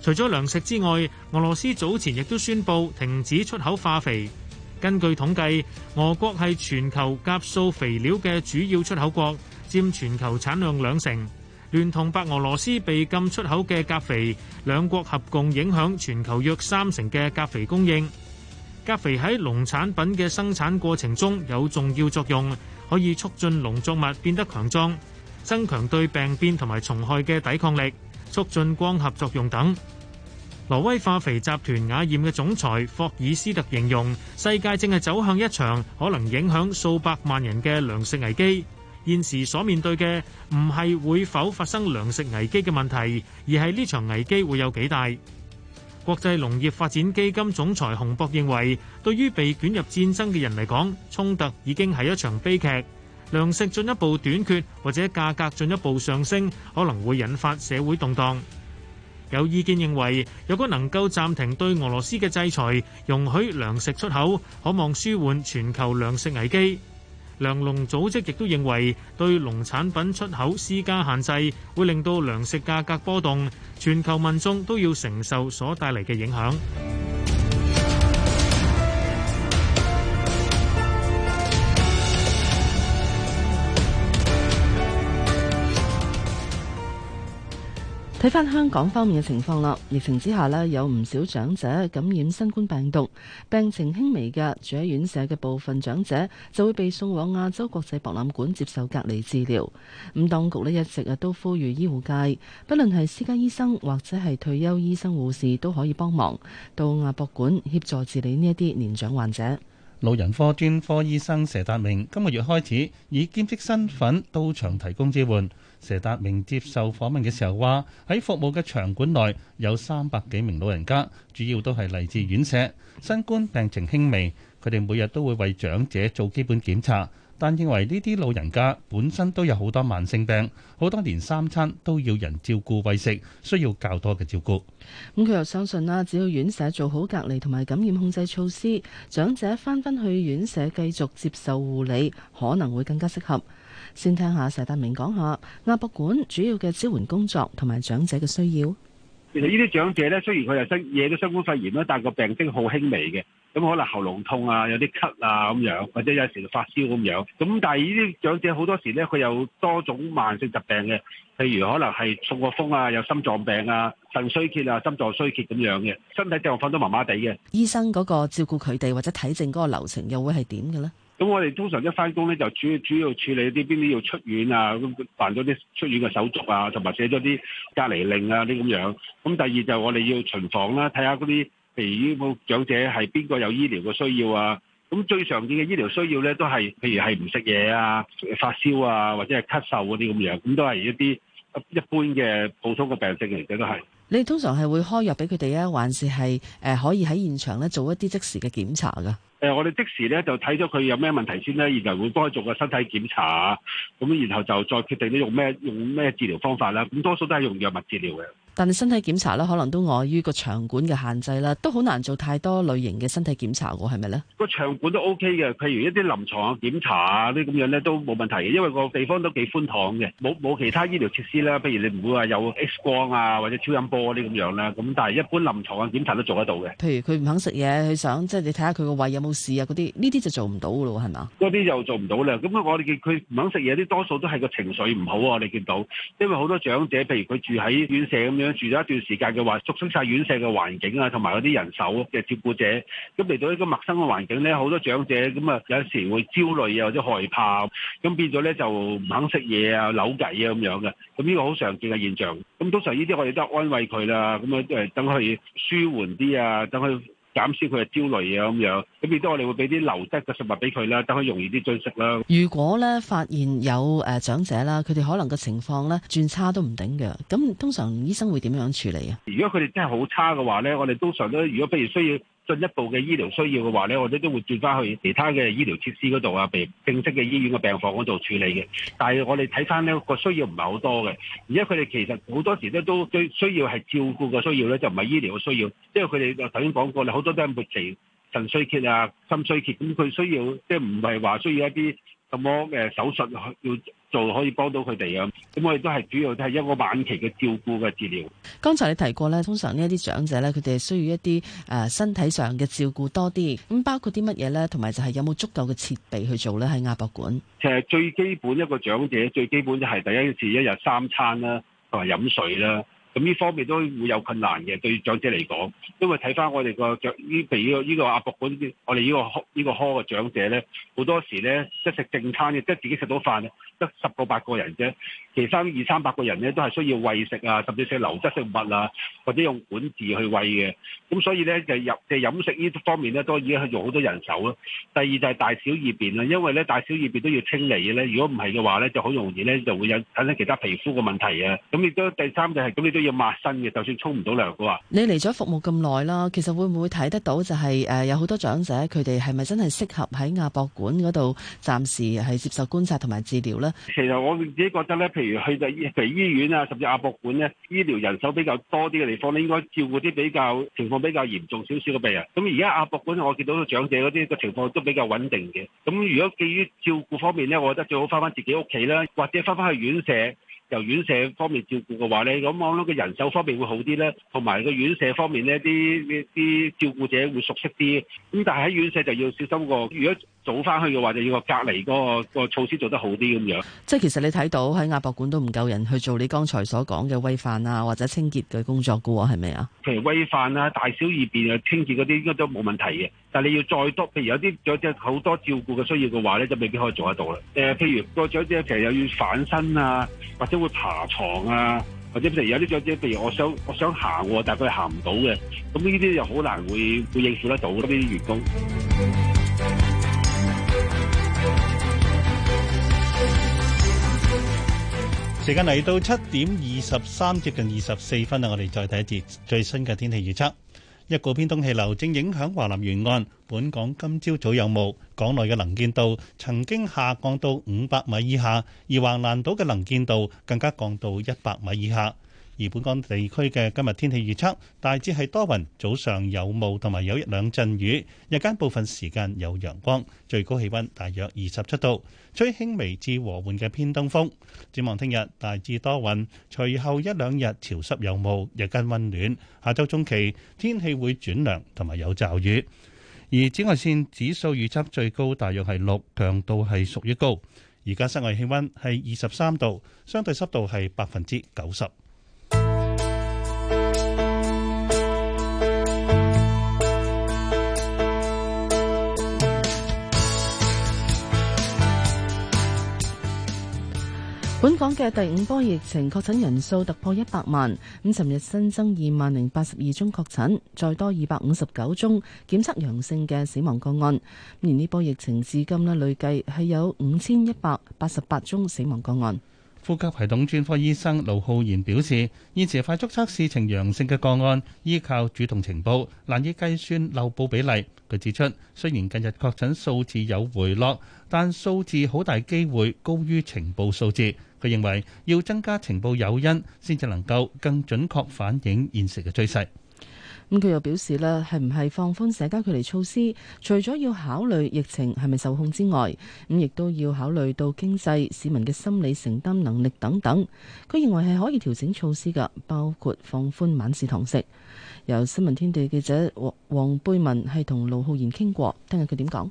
除咗糧食之外，俄羅斯早前亦都宣布停止出口化肥。根據統計，俄國係全球鉀素肥料嘅主要出口國，佔全球產量兩成。聯同白俄羅斯被禁出口嘅鉀肥，兩國合共影響全球約三成嘅鉀肥供應。鉀肥喺農產品嘅生產過程中有重要作用，可以促進農作物變得強壯，增強對病變同埋蟲害嘅抵抗力，促進光合作用等。挪威化肥集團雅艷嘅總裁霍爾斯特形容，世界正係走向一場可能影響數百萬人嘅糧食危機。現時所面對嘅唔係會否發生糧食危機嘅問題，而係呢場危機會有幾大。國際農業發展基金總裁洪博認為，對於被捲入戰爭嘅人嚟講，衝突已經係一場悲劇。糧食進一步短缺或者價格進一步上升，可能會引發社會動盪。有意見認為，如果能夠暫停對俄羅斯嘅制裁，容許糧食出口，可望舒緩全球糧食危機。糧農組織亦都認為，對農產品出口施加限制，會令到糧食價格波動，全球民眾都要承受所帶嚟嘅影響。睇翻香港方面嘅情況啦，疫情之下呢，有唔少長者感染新冠病毒，病情輕微嘅住喺院舍嘅部分長者就會被送往亞洲國際博覽館接受隔離治療。咁當局呢，一直啊都呼籲醫護界，不論係私家醫生或者係退休醫生護士都可以幫忙到亞博館協助治理呢一啲年長患者。老人科專科醫生佘達明今個月開始以兼職身份到場提供支援。佘達明接受訪問嘅時候話：喺服務嘅場館內有三百幾名老人家，主要都係嚟自院舍，新冠病情輕微，佢哋每日都會為長者做基本檢查。但認為呢啲老人家本身都有好多慢性病，好多連三餐都要人照顧餵食，需要較多嘅照顧。咁佢又相信啦，只要院舍做好隔離同埋感染控制措施，長者返返去院舍繼續接受護理，可能會更加適合。先聽下佘達明講下亞博館主要嘅支援工作同埋長者嘅需要。其實呢啲長者咧，雖然佢又惹咗新冠肺炎啦，但個病徵好輕微嘅，咁可能喉嚨痛啊，有啲咳啊咁樣，或者有時發燒咁樣。咁但係呢啲長者好多時咧，佢有多種慢性疾病嘅，譬如可能係中過風啊，有心臟病啊、腎衰竭啊、心臟衰竭咁樣嘅，身體狀況都麻麻地嘅。醫生嗰個照顧佢哋或者睇症嗰個流程又會係點嘅咧？咁我哋通常一翻工咧，就主要主要處理啲邊啲要出院啊，咁辦咗啲出院嘅手續啊，同埋寫咗啲隔離令啊啲咁樣。咁第二就我哋要巡房啦、啊，睇下嗰啲譬如呢個長者係邊個有醫療嘅需要啊。咁最常見嘅醫療需要咧，都係譬如係唔食嘢啊、發燒啊，或者係咳嗽嗰啲咁樣，咁都係一啲一般嘅普通嘅病症嚟嘅都係。你通常係會開藥俾佢哋啊，還是係誒可以喺現場咧做一啲即時嘅檢查噶？誒、呃，我哋即時咧就睇咗佢有咩問題先咧，然後會幫佢做個身體檢查，咁然後就再決定咧用咩用咩治療方法啦。咁多數都係用藥物治療嘅。但係身體檢查咧，可能都礙於個場館嘅限制啦，都好難做太多類型嘅身體檢查喎，係咪咧？個場館都 OK 嘅，譬如一啲臨床嘅檢查啊，啲咁樣咧都冇問題，因為個地方都幾寬敞嘅。冇冇其他醫療設施啦，譬如你唔會話有 X 光啊或者超音波嗰啲咁樣啦。咁但係一般臨床嘅檢查都做得到嘅。譬如佢唔肯食嘢，佢想即係你睇下佢個胃有冇事啊嗰啲，呢啲就做唔到嘅咯，係嘛？嗰啲又做唔到啦。咁我哋佢唔肯食嘢啲，多數都係個情緒唔好啊。你見到，因為好多長者，譬如佢住喺院舍咁樣。住咗一段時間嘅話，熟悉晒院舍嘅環境啊，同埋嗰啲人手嘅照顧者，咁嚟到呢個陌生嘅環境咧，好多長者咁啊，有時會焦慮啊，或者害怕，咁變咗咧就唔肯食嘢啊，扭計啊咁樣嘅，咁呢個好常見嘅現象。咁通常呢啲我哋都係安慰佢啦，咁啊誒等佢舒緩啲啊，等佢。減少佢嘅焦慮呀咁樣，咁變多我哋會俾啲流質嘅食物俾佢啦，等佢容易啲進食啦。如果咧發現有誒長者啦，佢哋可能個情況咧轉差都唔定嘅，咁通常醫生會點樣處理啊？如果佢哋真係好差嘅話咧，我哋通常都，如果不如需要。進一步嘅醫療需要嘅話咧，我哋都會轉翻去其他嘅醫療設施嗰度啊，譬如正式嘅醫院嘅病房嗰度處理嘅。但係我哋睇翻咧個需要唔係好多嘅，而家佢哋其實好多時咧都最需要係照顧嘅需要咧，就唔係醫療嘅需要，因為佢哋就頭先講過，你好多都係末期腎衰竭啊、心衰竭，咁佢需要即係唔係話需要一啲。咁我嘅手術要做可以幫到佢哋啊！咁我哋都係主要都係一個晚期嘅照顧嘅治療。剛才你提過咧，通常呢一啲長者咧，佢哋係需要一啲誒身體上嘅照顧多啲。咁包括啲乜嘢咧？同埋就係有冇足夠嘅設備去做咧？喺亞博館。其實最基本一個長者最基本就係第一次一日三餐啦，同埋飲水啦。咁呢方面都會有困難嘅，對長者嚟講，因為睇翻我哋、呢個長呢，譬如呢個呢個阿伯嗰我哋呢、呢個呢個科呢個科嘅長者咧，好多時咧，即係食正餐嘅，即係自己食到飯。得十個八個人啫，其他二三百個人咧都係需要餵食啊，甚至乎流質食物啊，或者用管治去餵嘅。咁所以咧就入就飲食呢方面咧都已經係用好多人手咯。第二就係大小二便啦，因為咧大小二便都要清理嘅咧。如果唔係嘅話咧，就好容易咧就會有產生其他皮膚嘅問題啊。咁亦都第三就係咁，你都要抹身嘅，就算沖唔到涼嘅話，你嚟咗服務咁耐啦，其實會唔會睇得到就係誒有好多長者佢哋係咪真係適合喺亞博館嗰度暫時係接受觀察同埋治療咧？其實我自己覺得咧，譬如去到醫，譬如醫院啊，甚至亞博館咧，醫療人手比較多啲嘅地方咧，應該照顧啲比較情況比較嚴重少少嘅病人。咁而家亞博館我見到長者嗰啲個情況都比較穩定嘅。咁、嗯、如果基於照顧方面咧，我覺得最好翻翻自己屋企啦，或者翻翻去院舍。由院舍方面照顧嘅話咧，咁我諗個人手方面會好啲咧，同埋個院舍方面呢啲啲照顧者會熟悉啲。咁但係喺院舍就要小心過，如果早翻去嘅話，就要個隔離個、嗰個措施做得好啲咁樣。即係其實你睇到喺亞博館都唔夠人去做你剛才所講嘅餵飯啊或者清潔嘅工作嘅喎，係咪啊？譬如餵飯啊、大小二便啊、清潔嗰啲應該都冇問題嘅。但係你要再多，譬如有啲長者好多照顧嘅需要嘅話咧，就未必可以做得到啦。誒、呃，譬如，那個長者其實又要翻身啊，或者會爬床啊，或者譬如有啲長者，譬如我想我想行喎，啊，但係佢行唔到嘅，咁呢啲又好難會會應付得到咯呢啲員工。時間嚟到七點二十三，接近二十四分啦，我哋再睇一節最新嘅天氣預測。一股偏東氣流正影響華南沿岸，本港今朝早早有霧，港內嘅能見度曾經下降到五百米以下，而橫瀾島嘅能見度更加降到一百米以下。而本港地區嘅今日天氣預測大致係多雲，早上有霧同埋有一兩陣雨，日間部分時間有陽光，最高氣溫大約二十七度，吹輕微至和緩嘅偏東風。展望聽日大致多雲，隨後一兩日潮濕有霧，日間溫暖。下周中期天氣會轉涼，同埋有驟雨。而紫外線指數預測最高大約係六，強度係屬於高。而家室外氣溫係二十三度，相對濕度係百分之九十。本港嘅第五波疫情確診人數突破一百萬，咁尋日新增二萬零八十二宗確診，再多二百五十九宗檢測陽性嘅死亡個案。咁而呢波疫情至今咧，累計係有五千一百八十八宗死亡個案。呼吸系統專科醫生盧浩然表示，現時快速測試呈陽性嘅個案，依靠主動呈報，難以計算漏報比例。佢指出，雖然近日確診數字有回落，但數字好大機會高於呈報數字。佢認為要增加情報誘因，先至能夠更準確反映現實嘅趨勢。咁佢、嗯、又表示啦，係唔係放寬社交距離措施？除咗要考慮疫情係咪受控之外，咁、嗯、亦都要考慮到經濟、市民嘅心理承擔能力等等。佢認為係可以調整措施嘅，包括放寬晚市堂食。由新聞天地記者黃黃貝文係同盧浩然傾過，聽日佢點講？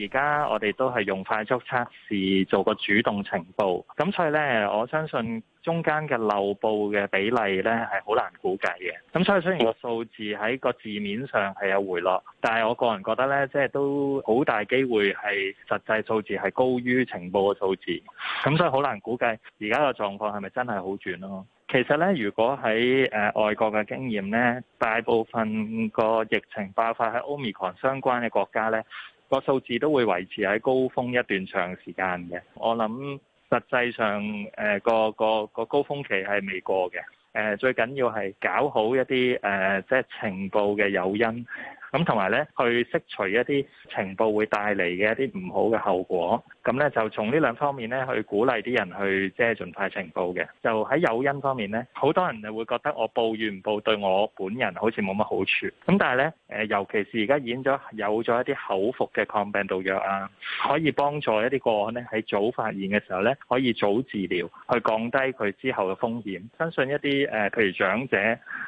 而家我哋都係用快速測試做個主動情報，咁所以呢，我相信中間嘅漏報嘅比例呢係好難估計嘅。咁所以雖然個數字喺個字面上係有回落，但係我個人覺得呢，即係都好大機會係實際數字係高於情報嘅數字，咁所以好難估計而家個狀況係咪真係好轉咯。其實呢，如果喺誒外國嘅經驗呢，大部分個疫情爆發喺奧米克戎相關嘅國家呢，個數字都會維持喺高峯一段長時間嘅，我諗實際上誒個個個高峯期係未過嘅，誒最緊要係搞好一啲誒即係情報嘅誘因，咁同埋咧去剔除一啲情報會帶嚟嘅一啲唔好嘅後果。咁咧就從呢兩方面咧去鼓勵啲人去即係盡快呈報嘅。就喺誘因方面咧，好多人就會覺得我報與唔報對我本人好似冇乜好處。咁但係咧，誒、呃、尤其是而家演咗有咗一啲口服嘅抗病毒藥啊，可以幫助一啲個案咧喺早發現嘅時候咧可以早治療，去降低佢之後嘅風險。相信一啲誒、呃，譬如長者，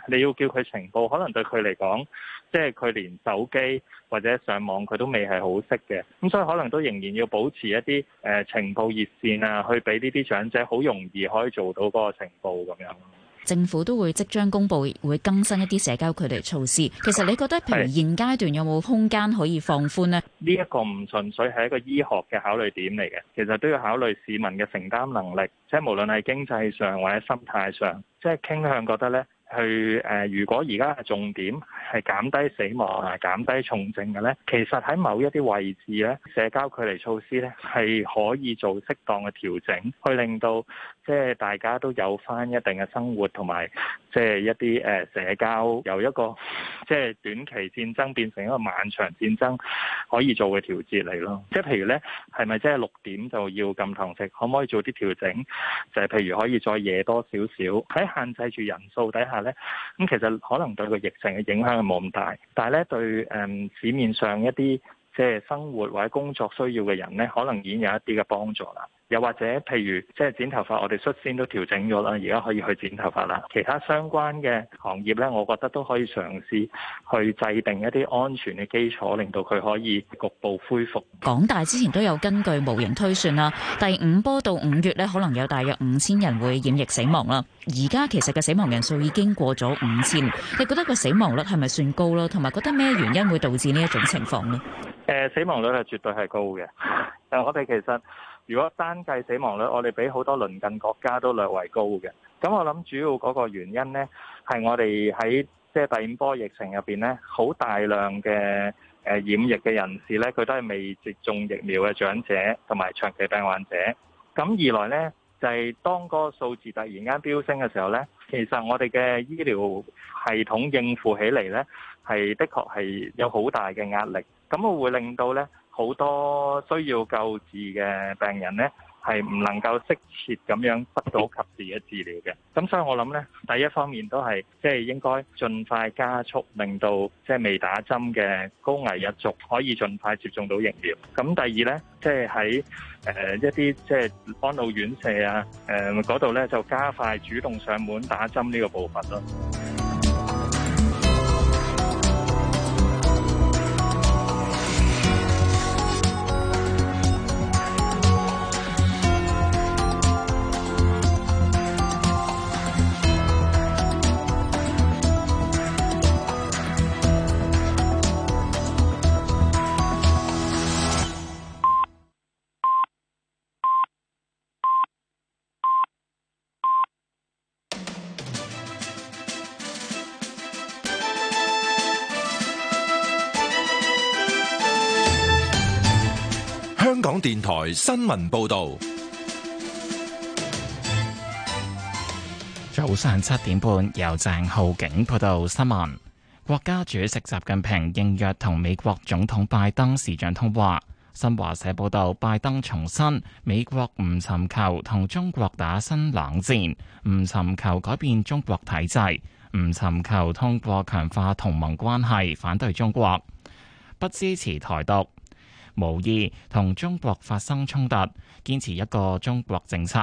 你要叫佢呈報，可能對佢嚟講，即係佢連手機。或者上網佢都未係好識嘅，咁所以可能都仍然要保持一啲誒、呃、情報熱線啊，去俾呢啲長者好容易可以做到嗰個情報咁樣。政府都會即將公布會更新一啲社交距離措施。其實你覺得譬如現階段有冇空間可以放寬呢？呢一、這個唔純粹係一個醫學嘅考慮點嚟嘅，其實都要考慮市民嘅承擔能力，即、就、係、是、無論係經濟上或者心態上，即、就、係、是、傾向覺得呢。去誒，如果而家係重點係減低死亡同埋減低重症嘅咧，其實喺某一啲位置咧，社交距離措施咧係可以做適當嘅調整，去令到即係大家都有翻一定嘅生活同埋即係一啲誒社交，由一個即係短期戰爭變成一個漫長戰爭，可以做嘅調節嚟咯。即係譬如咧，係咪即係六點就要禁堂食？可唔可以做啲調整？就係譬如可以再夜多少少喺限制住人數底下。咧，咁其實可能對個疫情，嘅影響冇咁大，但係咧對誒市面上一啲即係生活或者工作需要嘅人咧，可能已經有一啲嘅幫助啦。又或者，譬如即係剪頭髮，我哋率先都調整咗啦，而家可以去剪頭髮啦。其他相關嘅行業咧，我覺得都可以嘗試去制定一啲安全嘅基礎，令到佢可以局部恢復。港大之前都有根據模型推算啦，第五波到五月咧，可能有大約五千人會染疫死亡啦。而家其實嘅死亡人數已經過咗五千，你覺得個死亡率係咪算高咯？同埋覺得咩原因會導致呢一種情況咧？誒、呃、死亡率係絕對係高嘅。但我哋其實。如果單計死亡率，我哋比好多鄰近國家都略為高嘅。咁我諗主要嗰個原因呢，係我哋喺即係第五波疫情入邊呢，好大量嘅誒染疫嘅人士呢，佢都係未接種疫苗嘅長者同埋長期病患者。咁二來呢，就係當個數字突然間飆升嘅時候呢，其實我哋嘅醫療系統應付起嚟呢，係的確係有好大嘅壓力。咁會令到呢。好多需要救治嘅病人呢，係唔能夠適切咁樣得到及時嘅治療嘅。咁所以我諗呢，第一方面都係即係應該盡快加速，令到即係未打針嘅高危一族可以盡快接種到疫苗。咁第二呢，即係喺誒一啲即係安老院舍啊，誒嗰度呢，就加快主動上門打針呢個部分咯。電台新聞報道，早上七點半由鄭浩景報道新聞。國家主席習近平應約同美國總統拜登視像通話。新華社報道，拜登重申美國唔尋求同中國打新冷戰，唔尋求改變中國體制，唔尋求通過強化同盟關係反對中國，不支持台獨，無意同中國發生衝突，堅持一個中國政策。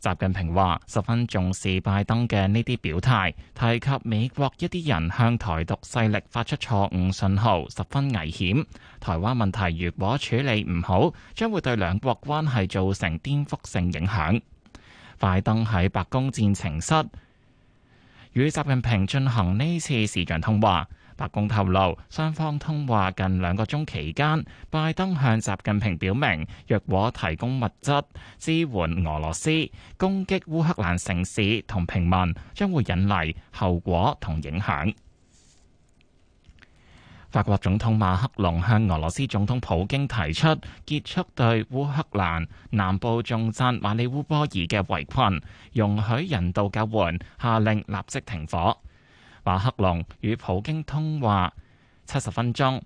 習近平話十分重視拜登嘅呢啲表態，提及美國一啲人向台獨勢力發出錯誤信號，十分危險。台灣問題如果處理唔好，將會對兩國關係造成顛覆性影響。拜登喺白宮戰情室與習近平進行呢次視像通話。白宮透露，雙方通話近兩個鐘期間，拜登向習近平表明，若果提供物質支援俄羅斯攻擊烏克蘭城市同平民，將會引嚟後果同影響。法國總統馬克龍向俄羅斯總統普京提出結束對烏克蘭南部重鎮馬里烏波爾嘅圍困，容許人道救援，下令立即停火。馬克龍與普京通話七十分鐘，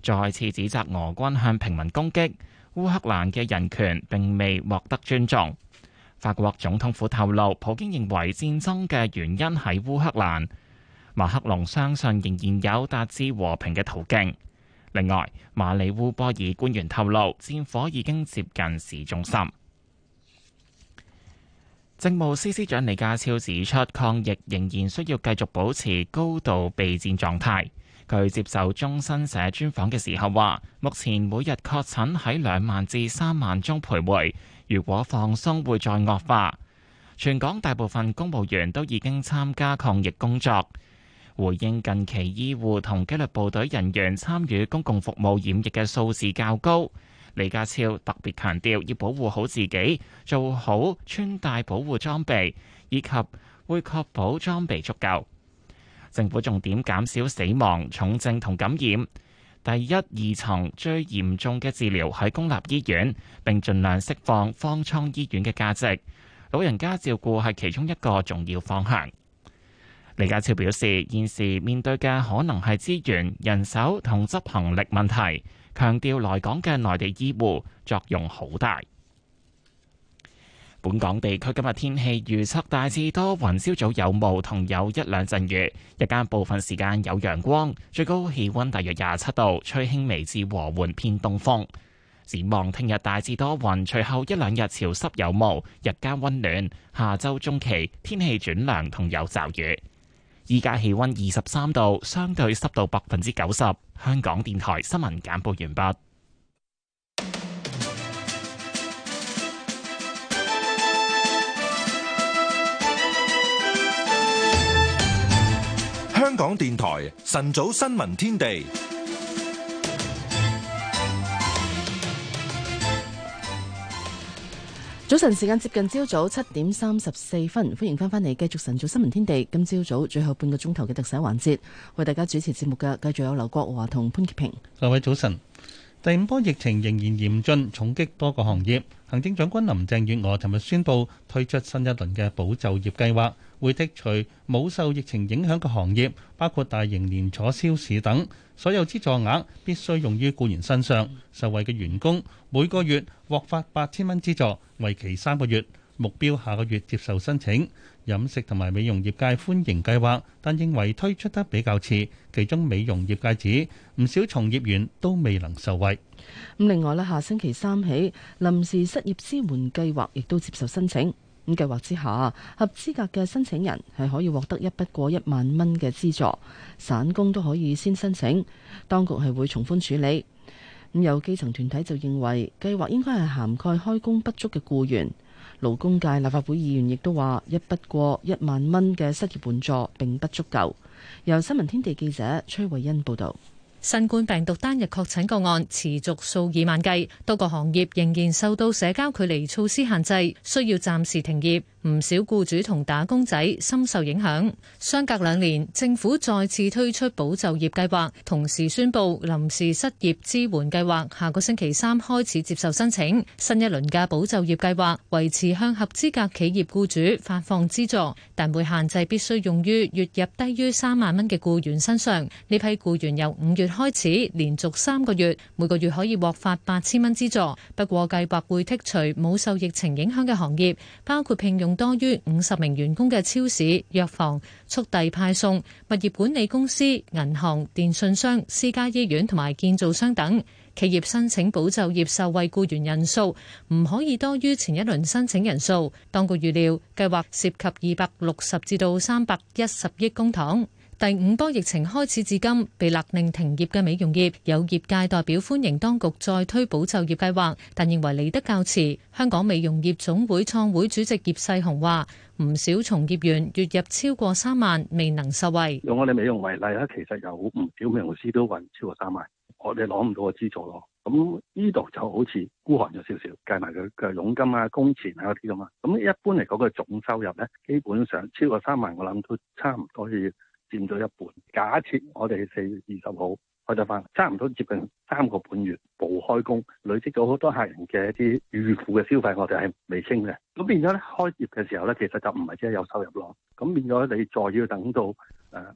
再次指責俄軍向平民攻擊，烏克蘭嘅人權並未獲得尊重。法國總統府透露，普京認為戰爭嘅原因喺烏克蘭。馬克龍相信仍然有達至和平嘅途徑。另外，馬里烏波爾官員透露，戰火已經接近市中心。政務司司長李家超指出，抗疫，仍然需要繼續保持高度備戰狀態。佢接受中新社專訪嘅時候話，目前每日確診喺兩萬至三萬宗徘徊，如果放鬆會再惡化。全港大部分公務員都已經參加抗疫工作，回應近期醫護同紀律部隊人員參與公共服務染疫嘅數字較高。李家超特別強調要保護好自己，做好穿戴保護裝備，以及會確保裝備足夠。政府重點減少死亡、重症同感染。第一、二層最嚴重嘅治療喺公立醫院，並盡量釋放方艙醫院嘅價值。老人家照顧係其中一個重要方向。李家超表示，現時面對嘅可能係資源、人手同執行力問題。強調來港嘅內地醫護作用好大。本港地區今日天，天氣預測大致多雲，朝早有霧同有一兩陣雨，日間部分時間有陽光，最高氣温大約廿七度，吹輕微至和緩偏東風。展望聽日大致多雲，隨後一兩日潮濕有霧，日間温暖。下周中期天氣轉涼同有驟雨。依家氣温二十三度，相對濕度百分之九十。香港電台新聞簡報完畢。香港電台晨早新聞天地。早晨時間接近朝早七點三十四分，歡迎翻返嚟繼續晨早新聞天地。今朝早，早最後半個鐘頭嘅特寫環節，為大家主持節目嘅繼續有劉國華同潘潔平。各位早晨，第五波疫情仍然嚴峻，重擊多個行業。行政長官林鄭月娥尋日宣布推出新一輪嘅保就業計劃，會剔除冇受疫情影響嘅行業，包括大型連鎖超市等。所有資助額必須用於雇員身上，受惠嘅員工每個月獲發八千蚊資助，為期三個月。目標下個月接受申請。飲食同埋美容業界歡迎計劃，但認為推出得比較遲。其中美容業界指唔少從業員都未能受惠。咁另外呢，下星期三起臨時失業支援計劃亦都接受申請。咁計劃之下，合資格嘅申請人係可以獲得一筆過一萬蚊嘅資助，散工都可以先申請，當局係會從寬處理。咁有基層團體就認為計劃應該係涵蓋開工不足嘅僱員，勞工界立法會議員亦都話一筆過一萬蚊嘅失業援助並不足夠。由新聞天地記者崔慧欣報導。新冠病毒單日確診個案持續數以萬計，多個行業仍然受到社交距離措施限制，需要暫時停業，唔少僱主同打工仔深受影響，相隔兩年，政府再次推出保就業計劃，同時宣佈臨時失業支援計劃下個星期三開始接受申請，新一輪嘅保就業計劃維持向合資格企業僱主發放資助，但會限制必須用於月入低於三萬蚊嘅僱員身上。呢批僱員由五月開始連續三個月，每個月可以獲發八千蚊資助。不過計劃會剔除冇受疫情影響嘅行業，包括聘用多於五十名員工嘅超市、藥房、速遞派送、物業管理公司、銀行、電信商、私家醫院同埋建造商等。企業申請保就業受惠僱員人數唔可以多於前一輪申請人數。當局預料計劃涉及二百六十至到三百一十億公帑。第五波疫情開始至今，被勒令停業嘅美容業，有業界代表歡迎當局再推保就業計劃，但認為嚟得較遲。香港美容業總會創會主席葉世雄話，唔少從業員月入超過三萬，未能受惠。用我哋美容為例啦，其實有唔少美容師都揾超過三萬，我哋攞唔到個資助咯。咁呢度就好似孤寒咗少少，計埋佢嘅佣金啊、工錢啊嗰啲咁嘛。咁一般嚟講佢總收入咧，基本上超過三萬，我諗都差唔多要。佔咗一半。假設我哋四月二十號開咗返，差唔多接近三個半月冇開工，累積咗好多客人嘅一啲預付嘅消費，我哋係未清嘅。咁變咗咧，開業嘅時候咧，其實就唔係真係有收入咯。咁變咗你再要等到誒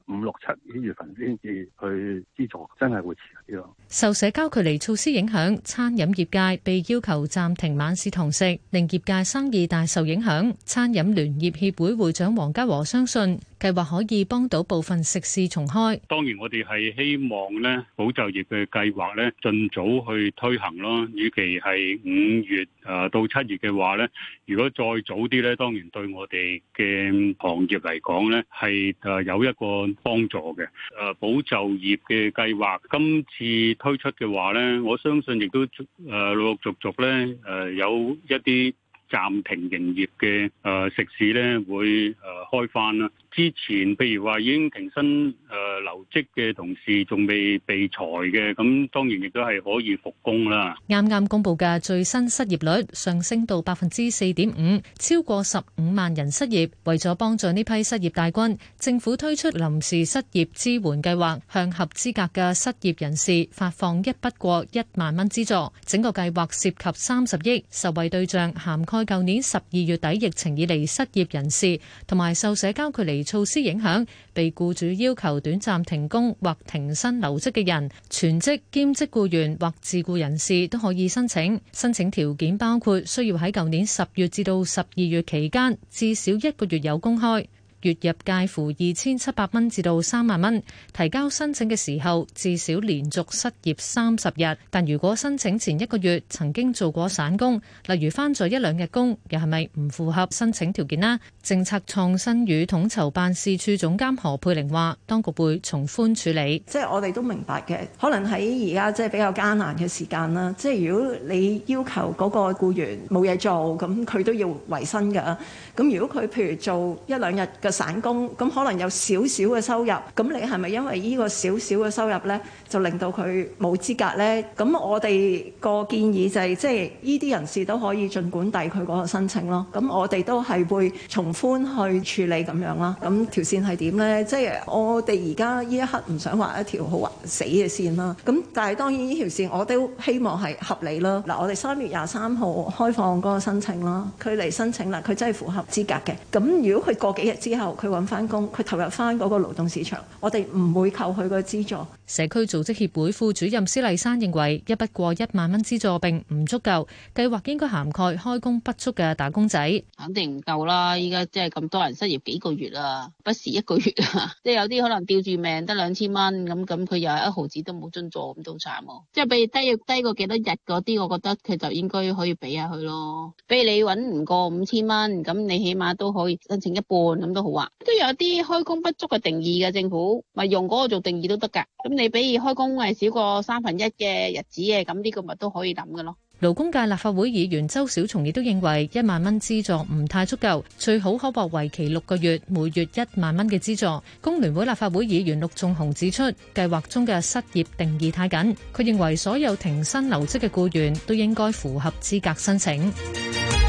五六七月份先至去資助，真係會遲啲咯。受社交距離措施影響，餐飲業界被要求暫停晚市堂食，令業界生意大受影響。餐飲聯業協會會長黃家和相信，計劃可以幫到部分食肆重開。當然，我哋係希望咧保就業嘅計劃咧盡早去推行咯。與其係五月啊到七月嘅話咧，如果再早啲咧，當然對我哋嘅行業嚟講咧係誒有一個幫助嘅。誒保就業嘅計劃今次推出嘅話咧，我相信亦都誒陸陸續續咧誒有一啲暫停營業嘅誒食肆咧會誒開翻啦。之前，譬如話已經停薪誒留職嘅同事，仲未被裁嘅，咁當然亦都係可以復工啦。啱啱公布嘅最新失業率上升到百分之四點五，超過十五萬人失業，為咗幫助呢批失業大軍，政府推出臨時失業支援計劃，向合資格嘅失業人士發放一筆過一萬蚊資助。整個計劃涉及三十億，受惠對象涵蓋舊年十二月底疫情以嚟失業人士同埋受社交距離。措施影響被僱主要求短暫停工或停薪留職嘅人，全職兼職僱員或自雇人士都可以申請。申請條件包括需要喺舊年十月至到十二月期間至少一個月有工開。月入介乎二千七百蚊至到三萬蚊，提交申請嘅時候至少連續失業三十日。但如果申請前一個月曾經做過散工，例如翻咗一兩日工，又係咪唔符合申請條件呢？政策創新與統籌辦事處總監何佩玲話當局會從寬處理。即係我哋都明白嘅，可能喺而家即係比較艱難嘅時間啦。即係如果你要求嗰個僱員冇嘢做，咁佢都要維生㗎。咁如果佢譬如做一兩日嘅，散工，咁可能有少少嘅收入，咁你係咪因為呢個少少嘅收入咧，就令到佢冇資格咧？咁我哋個建議就係即係呢啲人士都可以盡管遞佢嗰個申請咯。咁我哋都係會從寬去處理咁樣啦。咁條線係點咧？即係我哋而家呢一刻唔想畫一條好死嘅線啦。咁但係當然呢條線我都希望係合理啦。嗱，我哋三月廿三號開放嗰個申請啦，佢嚟申請啦，佢真係符合資格嘅。咁如果佢過幾日之後，佢揾翻工，佢投入翻嗰個勞動市場，我哋唔會扣佢個資助。社區組織協會副主任施麗珊認為，一筆過一萬蚊資助並唔足夠，計劃應該涵蓋開工不足嘅打工仔。肯定唔夠啦！依家即係咁多人失業幾個月啊，不時一個月啊，即 *laughs* 係有啲可能吊住命得兩千蚊咁，咁佢又係一毫子都冇津貼，咁都慘。即係比如低要低過幾多日嗰啲，我覺得佢就應該可以俾下佢咯。比如你搵唔過五千蚊，咁你起碼都可以申請一半，咁都好。都有啲開工不足嘅定義嘅，政府咪用嗰個做定義都得噶。咁你比如開工係少過三分一嘅日子嘅，咁呢個咪都可以諗嘅咯。勞工界立法會議員周小松亦都認為一萬蚊資助唔太足夠，最好可獲為期六個月，每月一萬蚊嘅資助。工聯會立法會議員陸頌雄指出，計劃中嘅失業定義太緊，佢認為所有停薪留職嘅雇員都應該符合資格申請。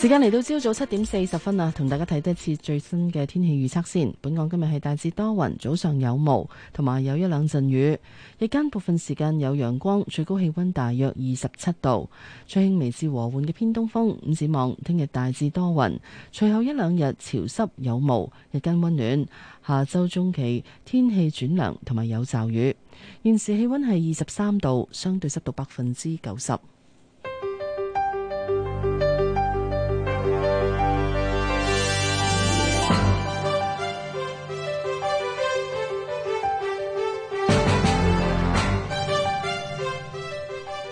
時間嚟到朝早七點四十分啦，同大家睇多一次最新嘅天氣預測先。本港今日係大致多雲，早上有霧，同埋有一兩陣雨。日間部分時間有陽光，最高氣溫大約二十七度，吹輕微至和緩嘅偏東風。五指望聽日大致多雲，隨後一兩日潮濕有霧，日間溫暖。下周中期天氣轉涼，同埋有驟雨。現時氣溫係二十三度，相對濕度百分之九十。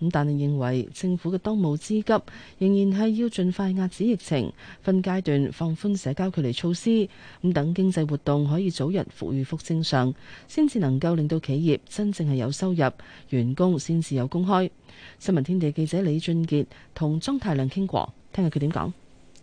咁但係認為政府嘅當務之急仍然係要盡快壓止疫情，分階段放寬社交距離措施，咁等經濟活動可以早日復如復正常，先至能夠令到企業真正係有收入，員工先至有工開。新聞天地記者李俊傑同莊太亮傾過，聽下佢點講。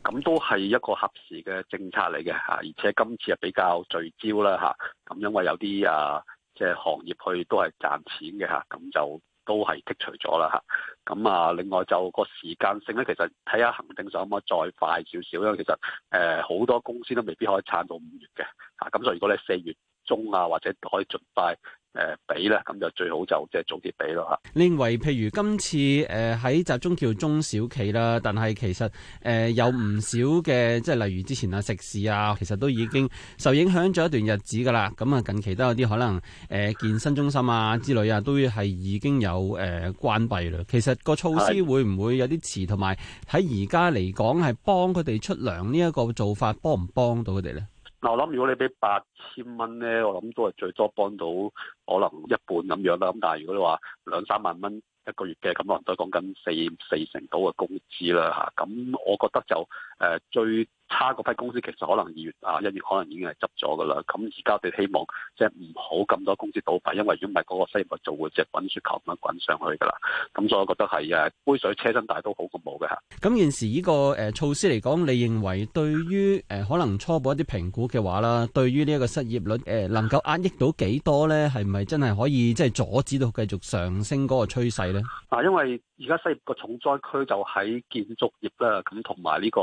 咁都係一個合時嘅政策嚟嘅吓，而且今次係比較聚焦啦吓，咁因為有啲啊即係行業去都係賺錢嘅吓，咁就。都係剔除咗啦吓，咁、嗯、啊另外就個時間性咧，其實睇下行政上可唔可以再快少少，因為其實誒，好、呃、多公司都未必可以撐到五月嘅吓。咁、啊嗯嗯、所以如果你四月中啊，或者可以盡快。誒，俾啦、嗯，咁就最好就即係早啲俾咯吓。另外，譬如今次誒喺、呃、集中叫中小企啦，但係其實誒、呃、有唔少嘅，即係例如之前啊食肆啊，其實都已經受影響咗一段日子噶啦。咁啊近期都有啲可能誒、呃、健身中心啊之類啊，都係已經有誒、呃、關閉啦。其實個措施的會唔會有啲遲，同埋喺而家嚟講係幫佢哋出糧呢一個做法，幫唔幫到佢哋咧？嗱，我諗如果你俾八千蚊咧，我諗都係最多幫到可能一半咁樣啦。咁但係如果你話兩三萬蚊一個月嘅，咁可能都係講緊四四成到嘅工資啦嚇。咁我覺得就～誒最差嗰批公司其實可能二月啊一月可能已經係執咗噶啦，咁而家我希望即係唔好咁多公司倒閉，因為如果唔係嗰個失業率就會即係滾雪球咁樣滾上去噶啦，咁所以我覺得係誒杯水車薪，大都好過冇嘅嚇。咁現時呢個誒措施嚟講，你認為對於誒可能初步一啲評估嘅話啦，對於呢一個失業率誒能夠壓抑到幾多咧？係咪真係可以即係阻止到繼續上升嗰個趨勢咧？啊，因為而家失業個重災區就喺建築業啦，咁同埋呢個。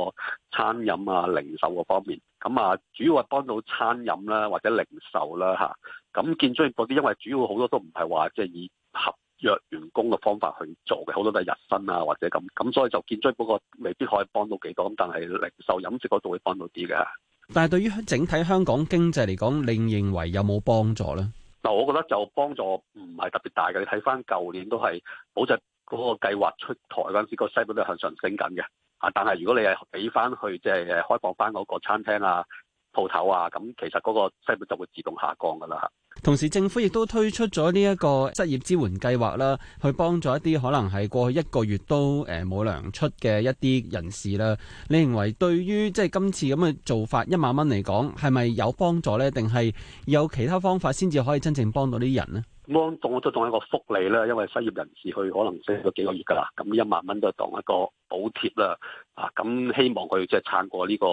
餐飲啊，零售個方面，咁啊，主要係幫到餐飲啦、啊，或者零售啦、啊、吓，咁、啊、建築業嗰啲，因為主要好多都唔係話即係以合約員工嘅方法去做嘅，好多都係日薪啊或者咁，咁、啊、所以就建築業嗰個未必可以幫到幾多，咁但係零售飲食嗰度會幫到啲嘅。但係對於整體香港經濟嚟講，你認為有冇幫助呢？嗱、呃，我覺得就幫助唔係特別大嘅。你睇翻舊年都係，保就業嗰個計劃出台嗰陣時，個西部都向上升緊嘅。啊！但係如果你係俾翻去，即係誒開放翻嗰個餐廳啊、鋪頭啊，咁其實嗰個西本就會自動下降噶啦嚇。同時，政府亦都推出咗呢一個失業支援計劃啦，去幫助一啲可能係過去一個月都誒冇糧出嘅一啲人士啦。你認為對於即係今次咁嘅做法，一萬蚊嚟講係咪有幫助呢？定係有其他方法先至可以真正幫到啲人呢？咁當都當一個福利啦，因為失業人士去可能失去咗幾個月㗎啦，咁一萬蚊就係當一個補貼啦。啊，咁希望佢即係撐過呢、這個。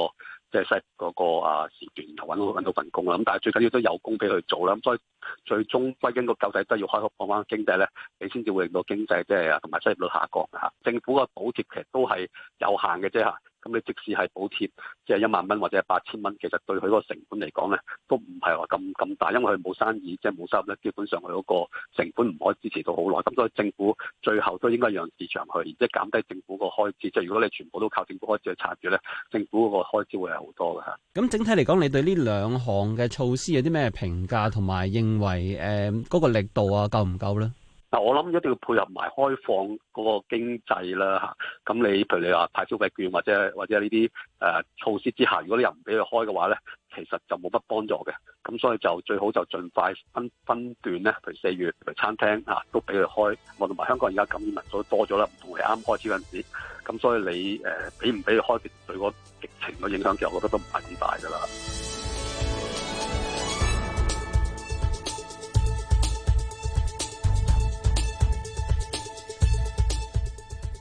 即係失嗰個啊時段，然後揾到揾到份工啦。咁但係最緊要都有工俾佢做啦。咁所以最終歸根個究底都要開復翻經濟咧，你先至會令到經濟即係同埋失業率下降嘅嚇。政府個補貼其實都係有限嘅啫嚇。咁你即使係補貼，即係一萬蚊或者係八千蚊，其實對佢嗰個成本嚟講咧，都唔係話咁咁大，因為佢冇生意，即係冇收入，基本上佢嗰個成本唔可以支持到好耐。咁所以政府最後都應該讓市場去，即係減低政府個開支。即係如果你全部都靠政府開支去撐住咧，政府嗰個開支會係好多嘅嚇。咁整體嚟講，你對呢兩項嘅措施有啲咩評價，同埋認為誒嗰個力度啊夠唔夠咧？嗱，我諗一定要配合埋開放嗰個經濟啦嚇，咁你譬如你話派消費券或者或者呢啲誒措施之下，如果你又唔俾佢開嘅話咧，其實就冇乜幫助嘅。咁所以就最好就盡快分分段咧，譬如四月譬如餐廳啊都俾佢開，我同埋香港而家感染數多咗啦，唔同你啱開始嗰陣時。咁所以你誒俾唔俾佢開，對個疫情嘅影響，其實我覺得都唔係咁大㗎啦。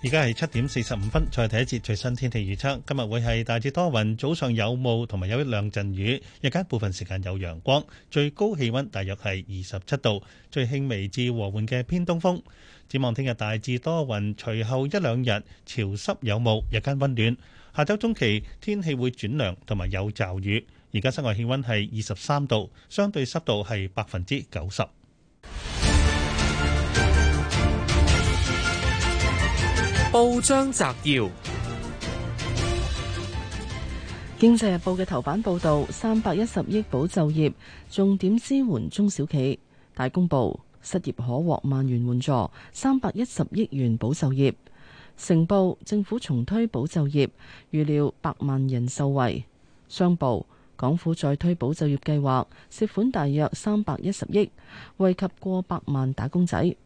而家係七點四十五分，再睇一次最新天氣預測。今日會係大致多雲，早上有霧同埋有一兩陣雨，日間部分時間有陽光，最高氣温大約係二十七度，最輕微至和緩嘅偏東風。展望聽日大致多雲，隨後一兩日潮濕有霧，日間温暖。下週中期天氣會轉涼同埋有驟雨。而家室外氣温係二十三度，相對濕度係百分之九十。報章摘要：經濟日報嘅頭版報道，三百一十億保就業，重點支援中小企。大公報：失業可獲萬元援助，三百一十億元保就業。成報：政府重推保就業，預料百萬人受惠。商報：港府再推保就業計劃，涉款大約三百一十億，惠及過百萬打工仔。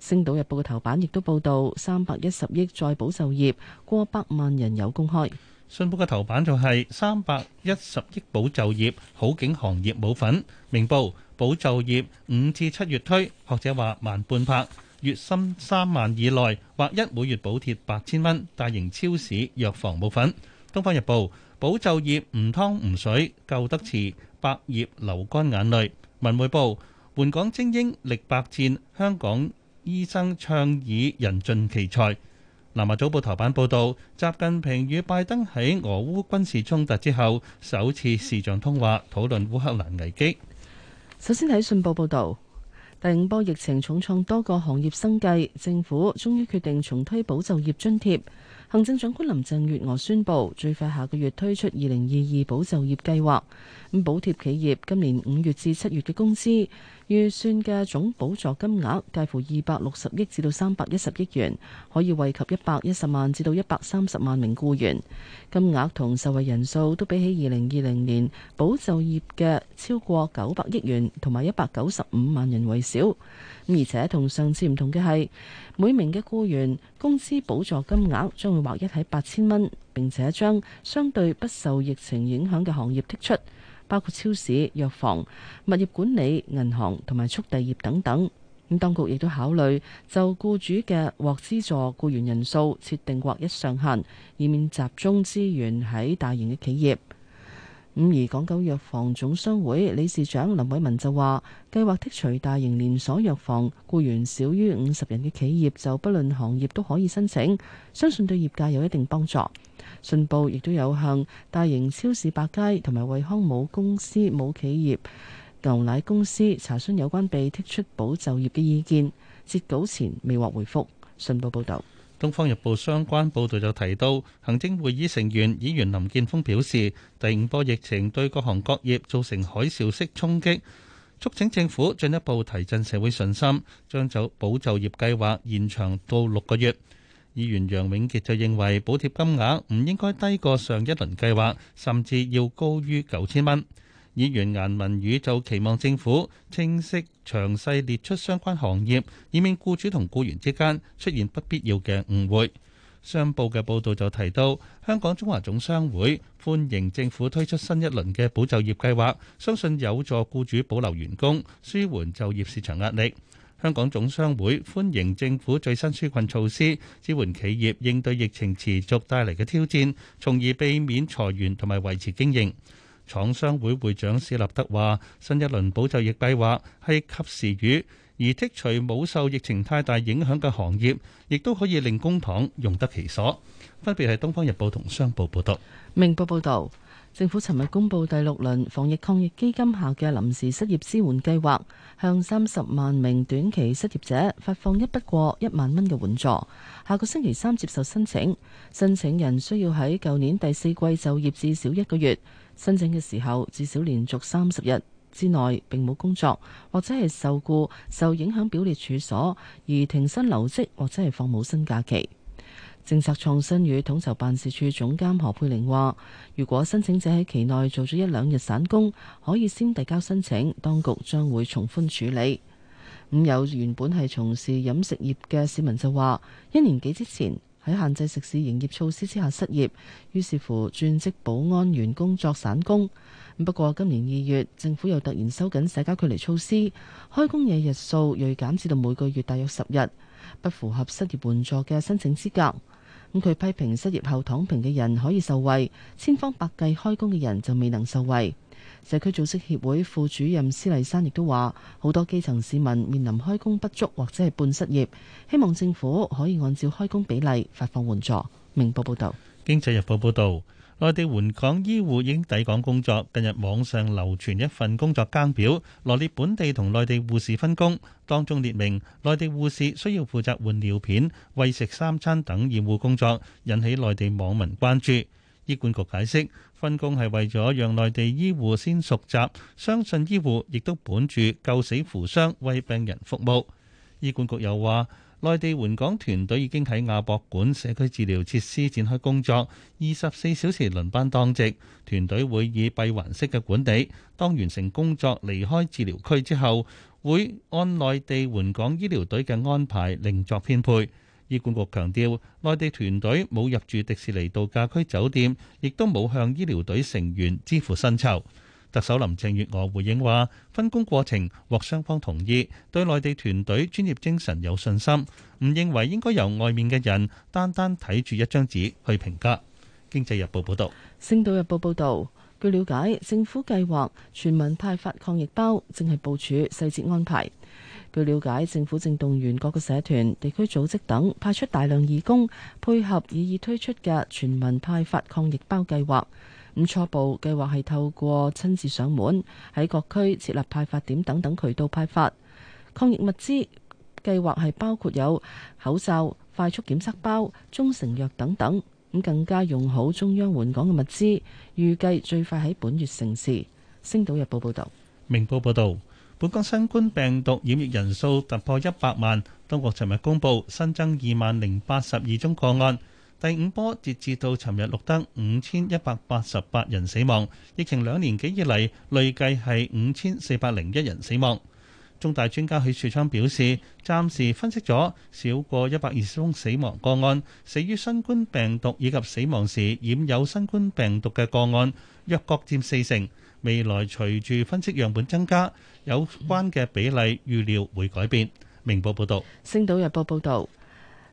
星島日報嘅頭版亦都報道，三百一十億再保就業，過百萬人有公開。信報嘅頭版就係三百一十億保就業，好景行業冇份。明報保就業五至七月推，學者話慢半拍，月薪三萬以內或一每月補貼八千蚊。大型超市藥房冇份。東方日報保就業唔湯唔水救得遲，百業流乾眼淚。文匯報援港精英力百戰，香港。醫生倡議人盡其才。《南華早報》頭版報導，習近平與拜登喺俄烏軍事衝突之後首次視像通話，討論烏克蘭危機。首先睇信報報導，第五波疫情重創多個行業生計，政府終於決定重推保就業津貼。行政長官林鄭月娥宣布，最快下個月推出二零二二保就業計劃，咁補貼企業今年五月至七月嘅工資。預算嘅總補助金額介乎二百六十億至到三百一十億元，可以惠及一百一十萬至到一百三十萬名僱員。金額同受惠人數都比起二零二零年保就業嘅超過九百億元同埋一百九十五萬人為少。而且同上次唔同嘅係，每名嘅僱員工資補助金額將會劃一喺八千蚊，並且將相對不受疫情影響嘅行業剔出。包括超市、藥房、物業管理、銀行同埋速遞業等等。咁當局亦都考慮就僱主嘅獲資助僱員人數設定劃一上限，以免集中資源喺大型嘅企業。咁而港九藥房總商會理事長林偉文就話，計劃剔除大型連鎖藥房，僱員少於五十人嘅企業就不論行業都可以申請，相信對業界有一定幫助。信報亦都有向大型超市百佳同埋惠康母公司母企業牛奶公司查詢有關被剔出保就業嘅意見，截稿前未獲回覆。信報報導，《東方日報》相關報導就提到，行政會議成員議員林建峰表示，第五波疫情對各行各業造成海嘯式衝擊，促請政府進一步提振社會信心，將就保就業計劃延長到六個月。議員楊永杰就認為補貼金額唔應該低過上一輪計劃，甚至要高於九千蚊。議員顏文宇就期望政府清晰詳細列出相關行業，以免僱主同僱員之間出現不必要嘅誤會。商報嘅報道就提到，香港中華總商會歡迎政府推出新一輪嘅保就業計劃，相信有助僱主保留員工，舒緩就業市場壓力。香港總商會歡迎政府最新紓困措施，支援企業應對疫情持續帶嚟嘅挑戰，從而避免裁員同埋維持經營。廠商會會長史立德話：新一輪補救疫保就業計劃係及時雨，而剔除冇受疫情太大影響嘅行業，亦都可以令工廠用得其所。分別係《東方日報》同《商報》報道，《明報》報道。政府尋日公布第六輪防疫抗疫基金下嘅臨時失業支援計劃，向三十萬名短期失業者發放一筆過一萬蚊嘅援助。下個星期三接受申請，申請人需要喺舊年第四季就業至少一個月，申請嘅時候至少連續三十日之內並冇工作，或者係受雇受影響表列處所而停薪留職，或者係放冇薪假期。政策創新與統籌辦事處總監何佩玲話，如果申請者喺期內做咗一兩日散工，可以先遞交申請，當局將會從寬處理。咁有原本係從事飲食業嘅市民就話一年幾之前喺限制食肆營業措施之下失業，於是乎轉職保安員工作散工。不過今年二月政府又突然收緊社交距離措施，開工嘅日數銳減至到每個月大約十日，不符合失業援助嘅申請資格。咁佢批評失業後躺平嘅人可以受惠，千方百計開工嘅人就未能受惠。社區組織協會副主任施麗珊亦都話，好多基層市民面臨開工不足或者係半失業，希望政府可以按照開工比例發放援助。明報報道。《經濟日報》報道。內地援港醫護已經抵港工作。近日網上流傳一份工作更表，羅列本地同內地護士分工，當中列明內地護士需要負責換尿片、餵食三餐等醫護工作，引起內地網民關注。醫管局解釋，分工係為咗讓內地醫護先熟習，相信醫護亦都本住救死扶傷，為病人服務。醫管局又話：內地援港團隊已經喺亞博館社區治療設施展開工作，二十四小時輪班當值。團隊會以閉環式嘅管理，當完成工作離開治療區之後，會按內地援港醫療隊嘅安排另作編配。醫管局強調，內地團隊冇入住迪士尼度假區酒店，亦都冇向醫療隊成員支付薪酬。特首林鄭月娥回應話，分工過程獲雙方同意，對內地團隊專業精神有信心，唔認為應該由外面嘅人單單睇住一張紙去評價。經濟日報報道。星島日報報道，據了解，政府計劃全民派發抗疫包，正係部署細節安排。據了解，政府正動員各個社團地區組織等，派出大量義工，配合以已推出嘅全民派發抗疫包計劃。初步計劃係透過親自上門、喺各區設立派發點等等渠道派發抗疫物資，計劃係包括有口罩、快速檢測包、中成藥等等。咁更加用好中央援港嘅物資，預計最快喺本月成事。星島日報報道：「明報報道，本港新冠病毒染疫人數突破一百萬。當局昨日公布新增二萬零八十二宗個案。第五波截至到尋日錄得五千一百八十八人死亡，疫情兩年幾以嚟累計係五千四百零一人死亡。中大專家許樹昌表示，暫時分析咗少過一百二十宗死亡個案，死於新冠病毒以及死亡時染有新冠病毒嘅個案，約各佔四成。未來隨住分析樣本增加，有關嘅比例預料會改變。明報報道。《星島日報》報道。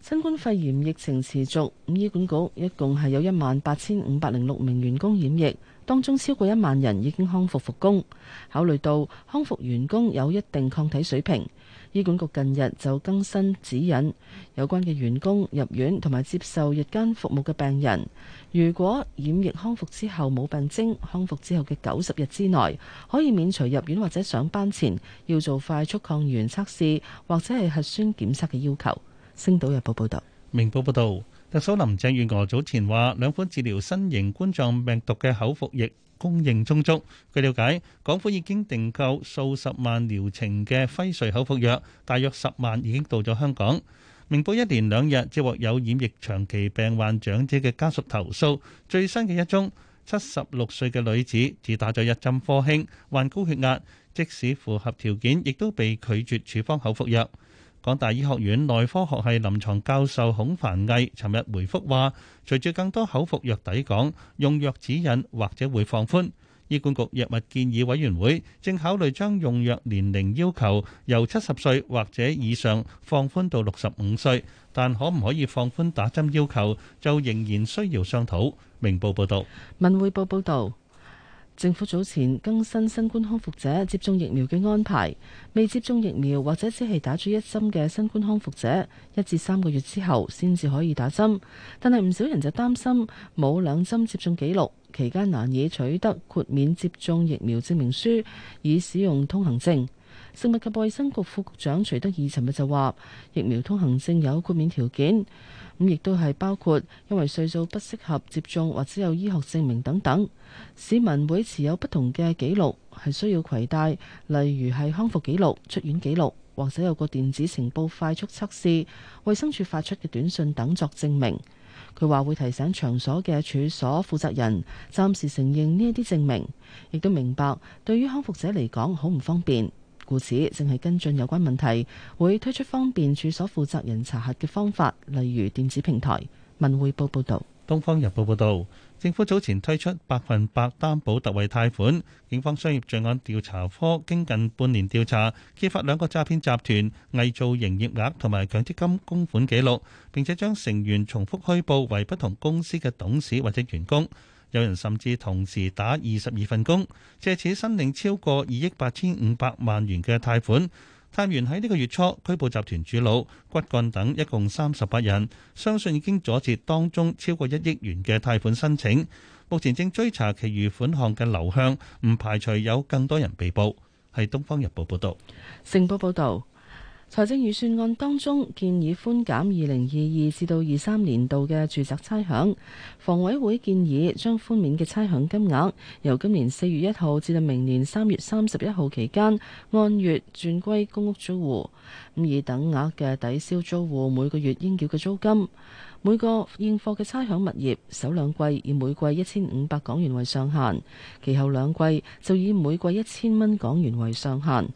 新冠肺炎疫情持續，咁醫管局一共係有一萬八千五百零六名員工染疫，當中超過一萬人已經康復復工。考慮到康復員工有一定抗體水平，醫管局近日就更新指引，有關嘅員工入院同埋接受日間服務嘅病人，如果染疫康復之後冇病徵，康復之後嘅九十日之內，可以免除入院或者上班前要做快速抗原測試或者係核酸檢測嘅要求。星島日報報道，明報報道，特首林鄭月娥早前話，兩款治療新型冠狀病毒嘅口服液供應充足。據了解，港府已經訂購數十萬療程嘅輝瑞口服藥，大約十萬已經到咗香港。明報一連兩日接獲有染疫長期病患長者嘅家屬投訴，最新嘅一宗，七十六歲嘅女子只打咗一針科興，患高血壓，即使符合條件，亦都被拒絕處方口服藥。港大醫學院內科學系臨床教授孔凡毅尋日回覆話，隨住更多口服藥抵港，用藥指引或者會放寬。醫管局藥物建議委員會正考慮將用藥年齡要求由七十歲或者以上放寬到六十五歲，但可唔可以放寬打針要求，就仍然需要商討。明報報道，文匯報報道。政府早前更新新冠康復者接種疫苗嘅安排，未接種疫苗或者只係打咗一針嘅新冠康復者，一至三個月之後先至可以打針，但係唔少人就擔心冇兩針接種記錄期間難以取得豁免接種疫苗證明書，以使用通行證。食物及衛生局副局長徐德義尋日就話，疫苗通行證有豁免條件，咁亦都係包括因為歲數不適合接種，或者有醫學證明等等。市民會持有不同嘅記錄，係需要攜帶，例如係康復記錄、出院記錄，或者有個電子呈報快速測試，衛生署發出嘅短信等作證明。佢話會提醒場所嘅處所負責人暫時承認呢一啲證明，亦都明白對於康復者嚟講好唔方便。故此，正係跟進有關問題，會推出方便處所負責人查核嘅方法，例如電子平台。文匯報報導。《東方日報》報導，政府早前推出百分百擔保特惠貸款。警方商業罪案調查科經近半年調查，揭發兩個詐騙集團偽造營業額同埋強積金供款記錄，並且將成員重複虛報為不同公司嘅董事或者員工。有人甚至同時打二十二份工，借此申領超過二億八千五百萬元嘅貸款。探員喺呢個月初拘捕集團主腦、骨幹等一共三十八人，相信已經阻截當中超過一億元嘅貸款申請。目前正追查其餘款項嘅流向，唔排除有更多人被捕。係《東方日報》報道。《成報》報道。財政預算案當中建議寬減二零二二至到二三年度嘅住宅差餉，房委會建議將寬免嘅差餉金額由今年四月一號至到明年三月三十一號期間，按月轉歸公屋租戶，咁以等額嘅抵消租戶每個月應繳嘅租金。每個應付嘅差餉物業首兩季以每季一千五百港元為上限，其後兩季就以每季一千蚊港元為上限。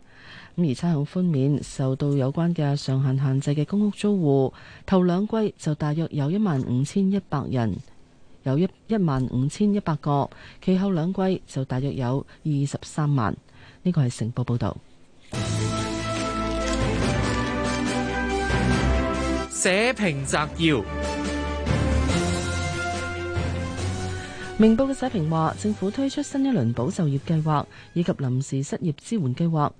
而差餉寬免受到有關嘅上限限制嘅公屋租戶，頭兩季就大約有一萬五千一百人，有一一萬五千一百個，其後兩季就大約有二十三萬。呢個係成報報道。社評摘要：明報嘅社評話，政府推出新一輪保就業計劃以及臨時失業支援計劃。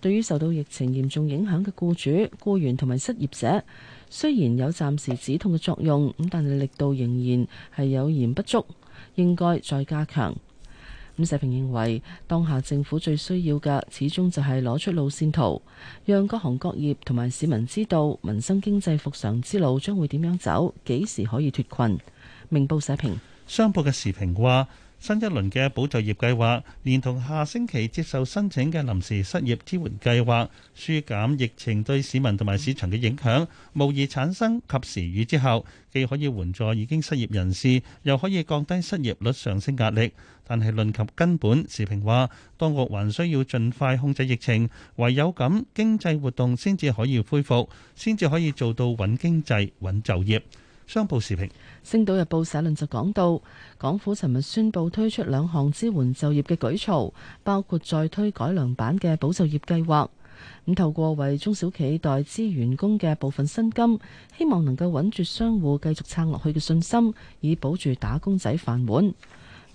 對於受到疫情嚴重影響嘅雇主、雇員同埋失業者，雖然有暫時止痛嘅作用，咁但係力度仍然係有嫌不足，應該再加強。咁社評認為，當下政府最需要嘅，始終就係攞出路線圖，讓各行各業同埋市民知道民生經濟復常之路將會點樣走，幾時可以脫困。明報社評，商報嘅時評話。新一輪嘅保就業計劃，連同下星期接受申請嘅臨時失業支援計劃，舒減疫情對市民同埋市場嘅影響，無疑產生及時雨，之後既可以援助已經失業人士，又可以降低失業率上升壓力。但係論及根本，時平話當局還需要盡快控制疫情，唯有咁經濟活動先至可以恢復，先至可以做到穩經濟穩就業。商報視頻，《星島日報》社論就講到，港府尋日宣布推出兩項支援就業嘅舉措，包括再推改良版嘅保就業計劃。咁、嗯、透過為中小企代支員工嘅部分薪金，希望能夠穩住商戶繼續撐落去嘅信心，以保住打工仔飯碗。咁、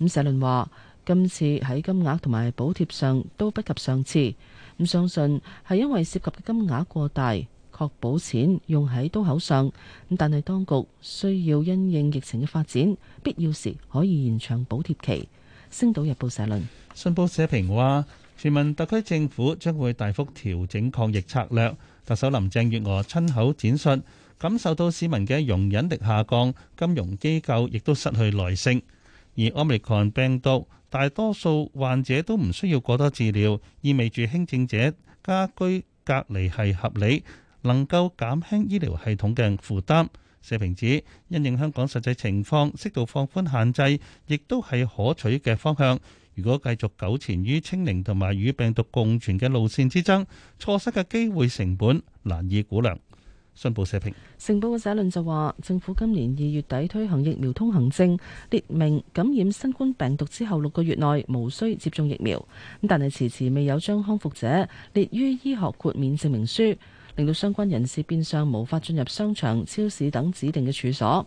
嗯、社論話，今次喺金額同埋補貼上都不及上次，咁、嗯、相信係因為涉及嘅金額過大。確保錢用喺刀口上，但係當局需要因應疫情嘅發展，必要時可以延長補貼期。星島日報社論，信報社評話：全民特區政府將會大幅調整抗疫策略。特首林鄭月娥親口展述，感受到市民嘅容忍力下降，金融機構亦都失去耐性。而 Omicron 病毒大多數患者都唔需要過多治療，意味住輕症者家居隔離係合理。能夠減輕醫療系統嘅負擔，社評指因應香港實際情況，適度放寬限制，亦都係可取嘅方向。如果繼續糾纏於清零同埋與病毒共存嘅路線之中，錯失嘅機會成本難以估量。信報社評。成報嘅社論就話，政府今年二月底推行疫苗通行證，列明感染新冠病毒之後六個月內無需接種疫苗，但係遲遲未有將康復者列於醫學豁免證明書。令到相關人士變相無法進入商場、超市等指定嘅處所，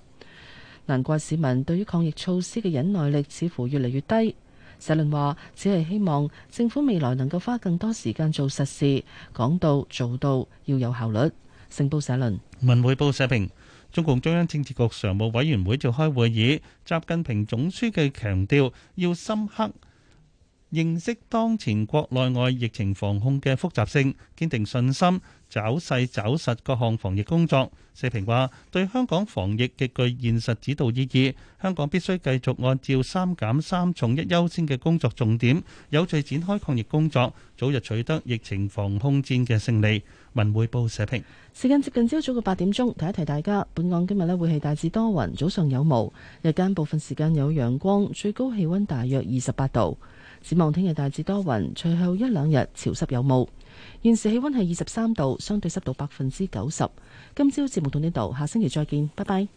難怪市民對於抗疫措施嘅忍耐力似乎越嚟越低。社論話：只係希望政府未來能夠花更多時間做實事，講到做到，要有效率。成報社論。文匯報社評：中共中央政治局常務委員會召開會議，習近平總書記強調，要深刻認識當前國內外疫情防控嘅複雜性，堅定信心。找細找實各項防疫工作，社評話對香港防疫極具現實指導意義。香港必須繼續按照三減三重一優先嘅工作重點，有序展開抗疫工作，早日取得疫情防控戰嘅勝利。文匯報社評。時間接近朝早嘅八點鐘，提一提大家，本港今日呢會係大致多雲，早上有霧，日間部分時間有陽光，最高氣温大約二十八度。展望聽日大致多雲，隨後一兩日潮濕有霧。現時氣溫係二十三度，相對濕度百分之九十。今朝節目到呢度，下星期再見，拜拜。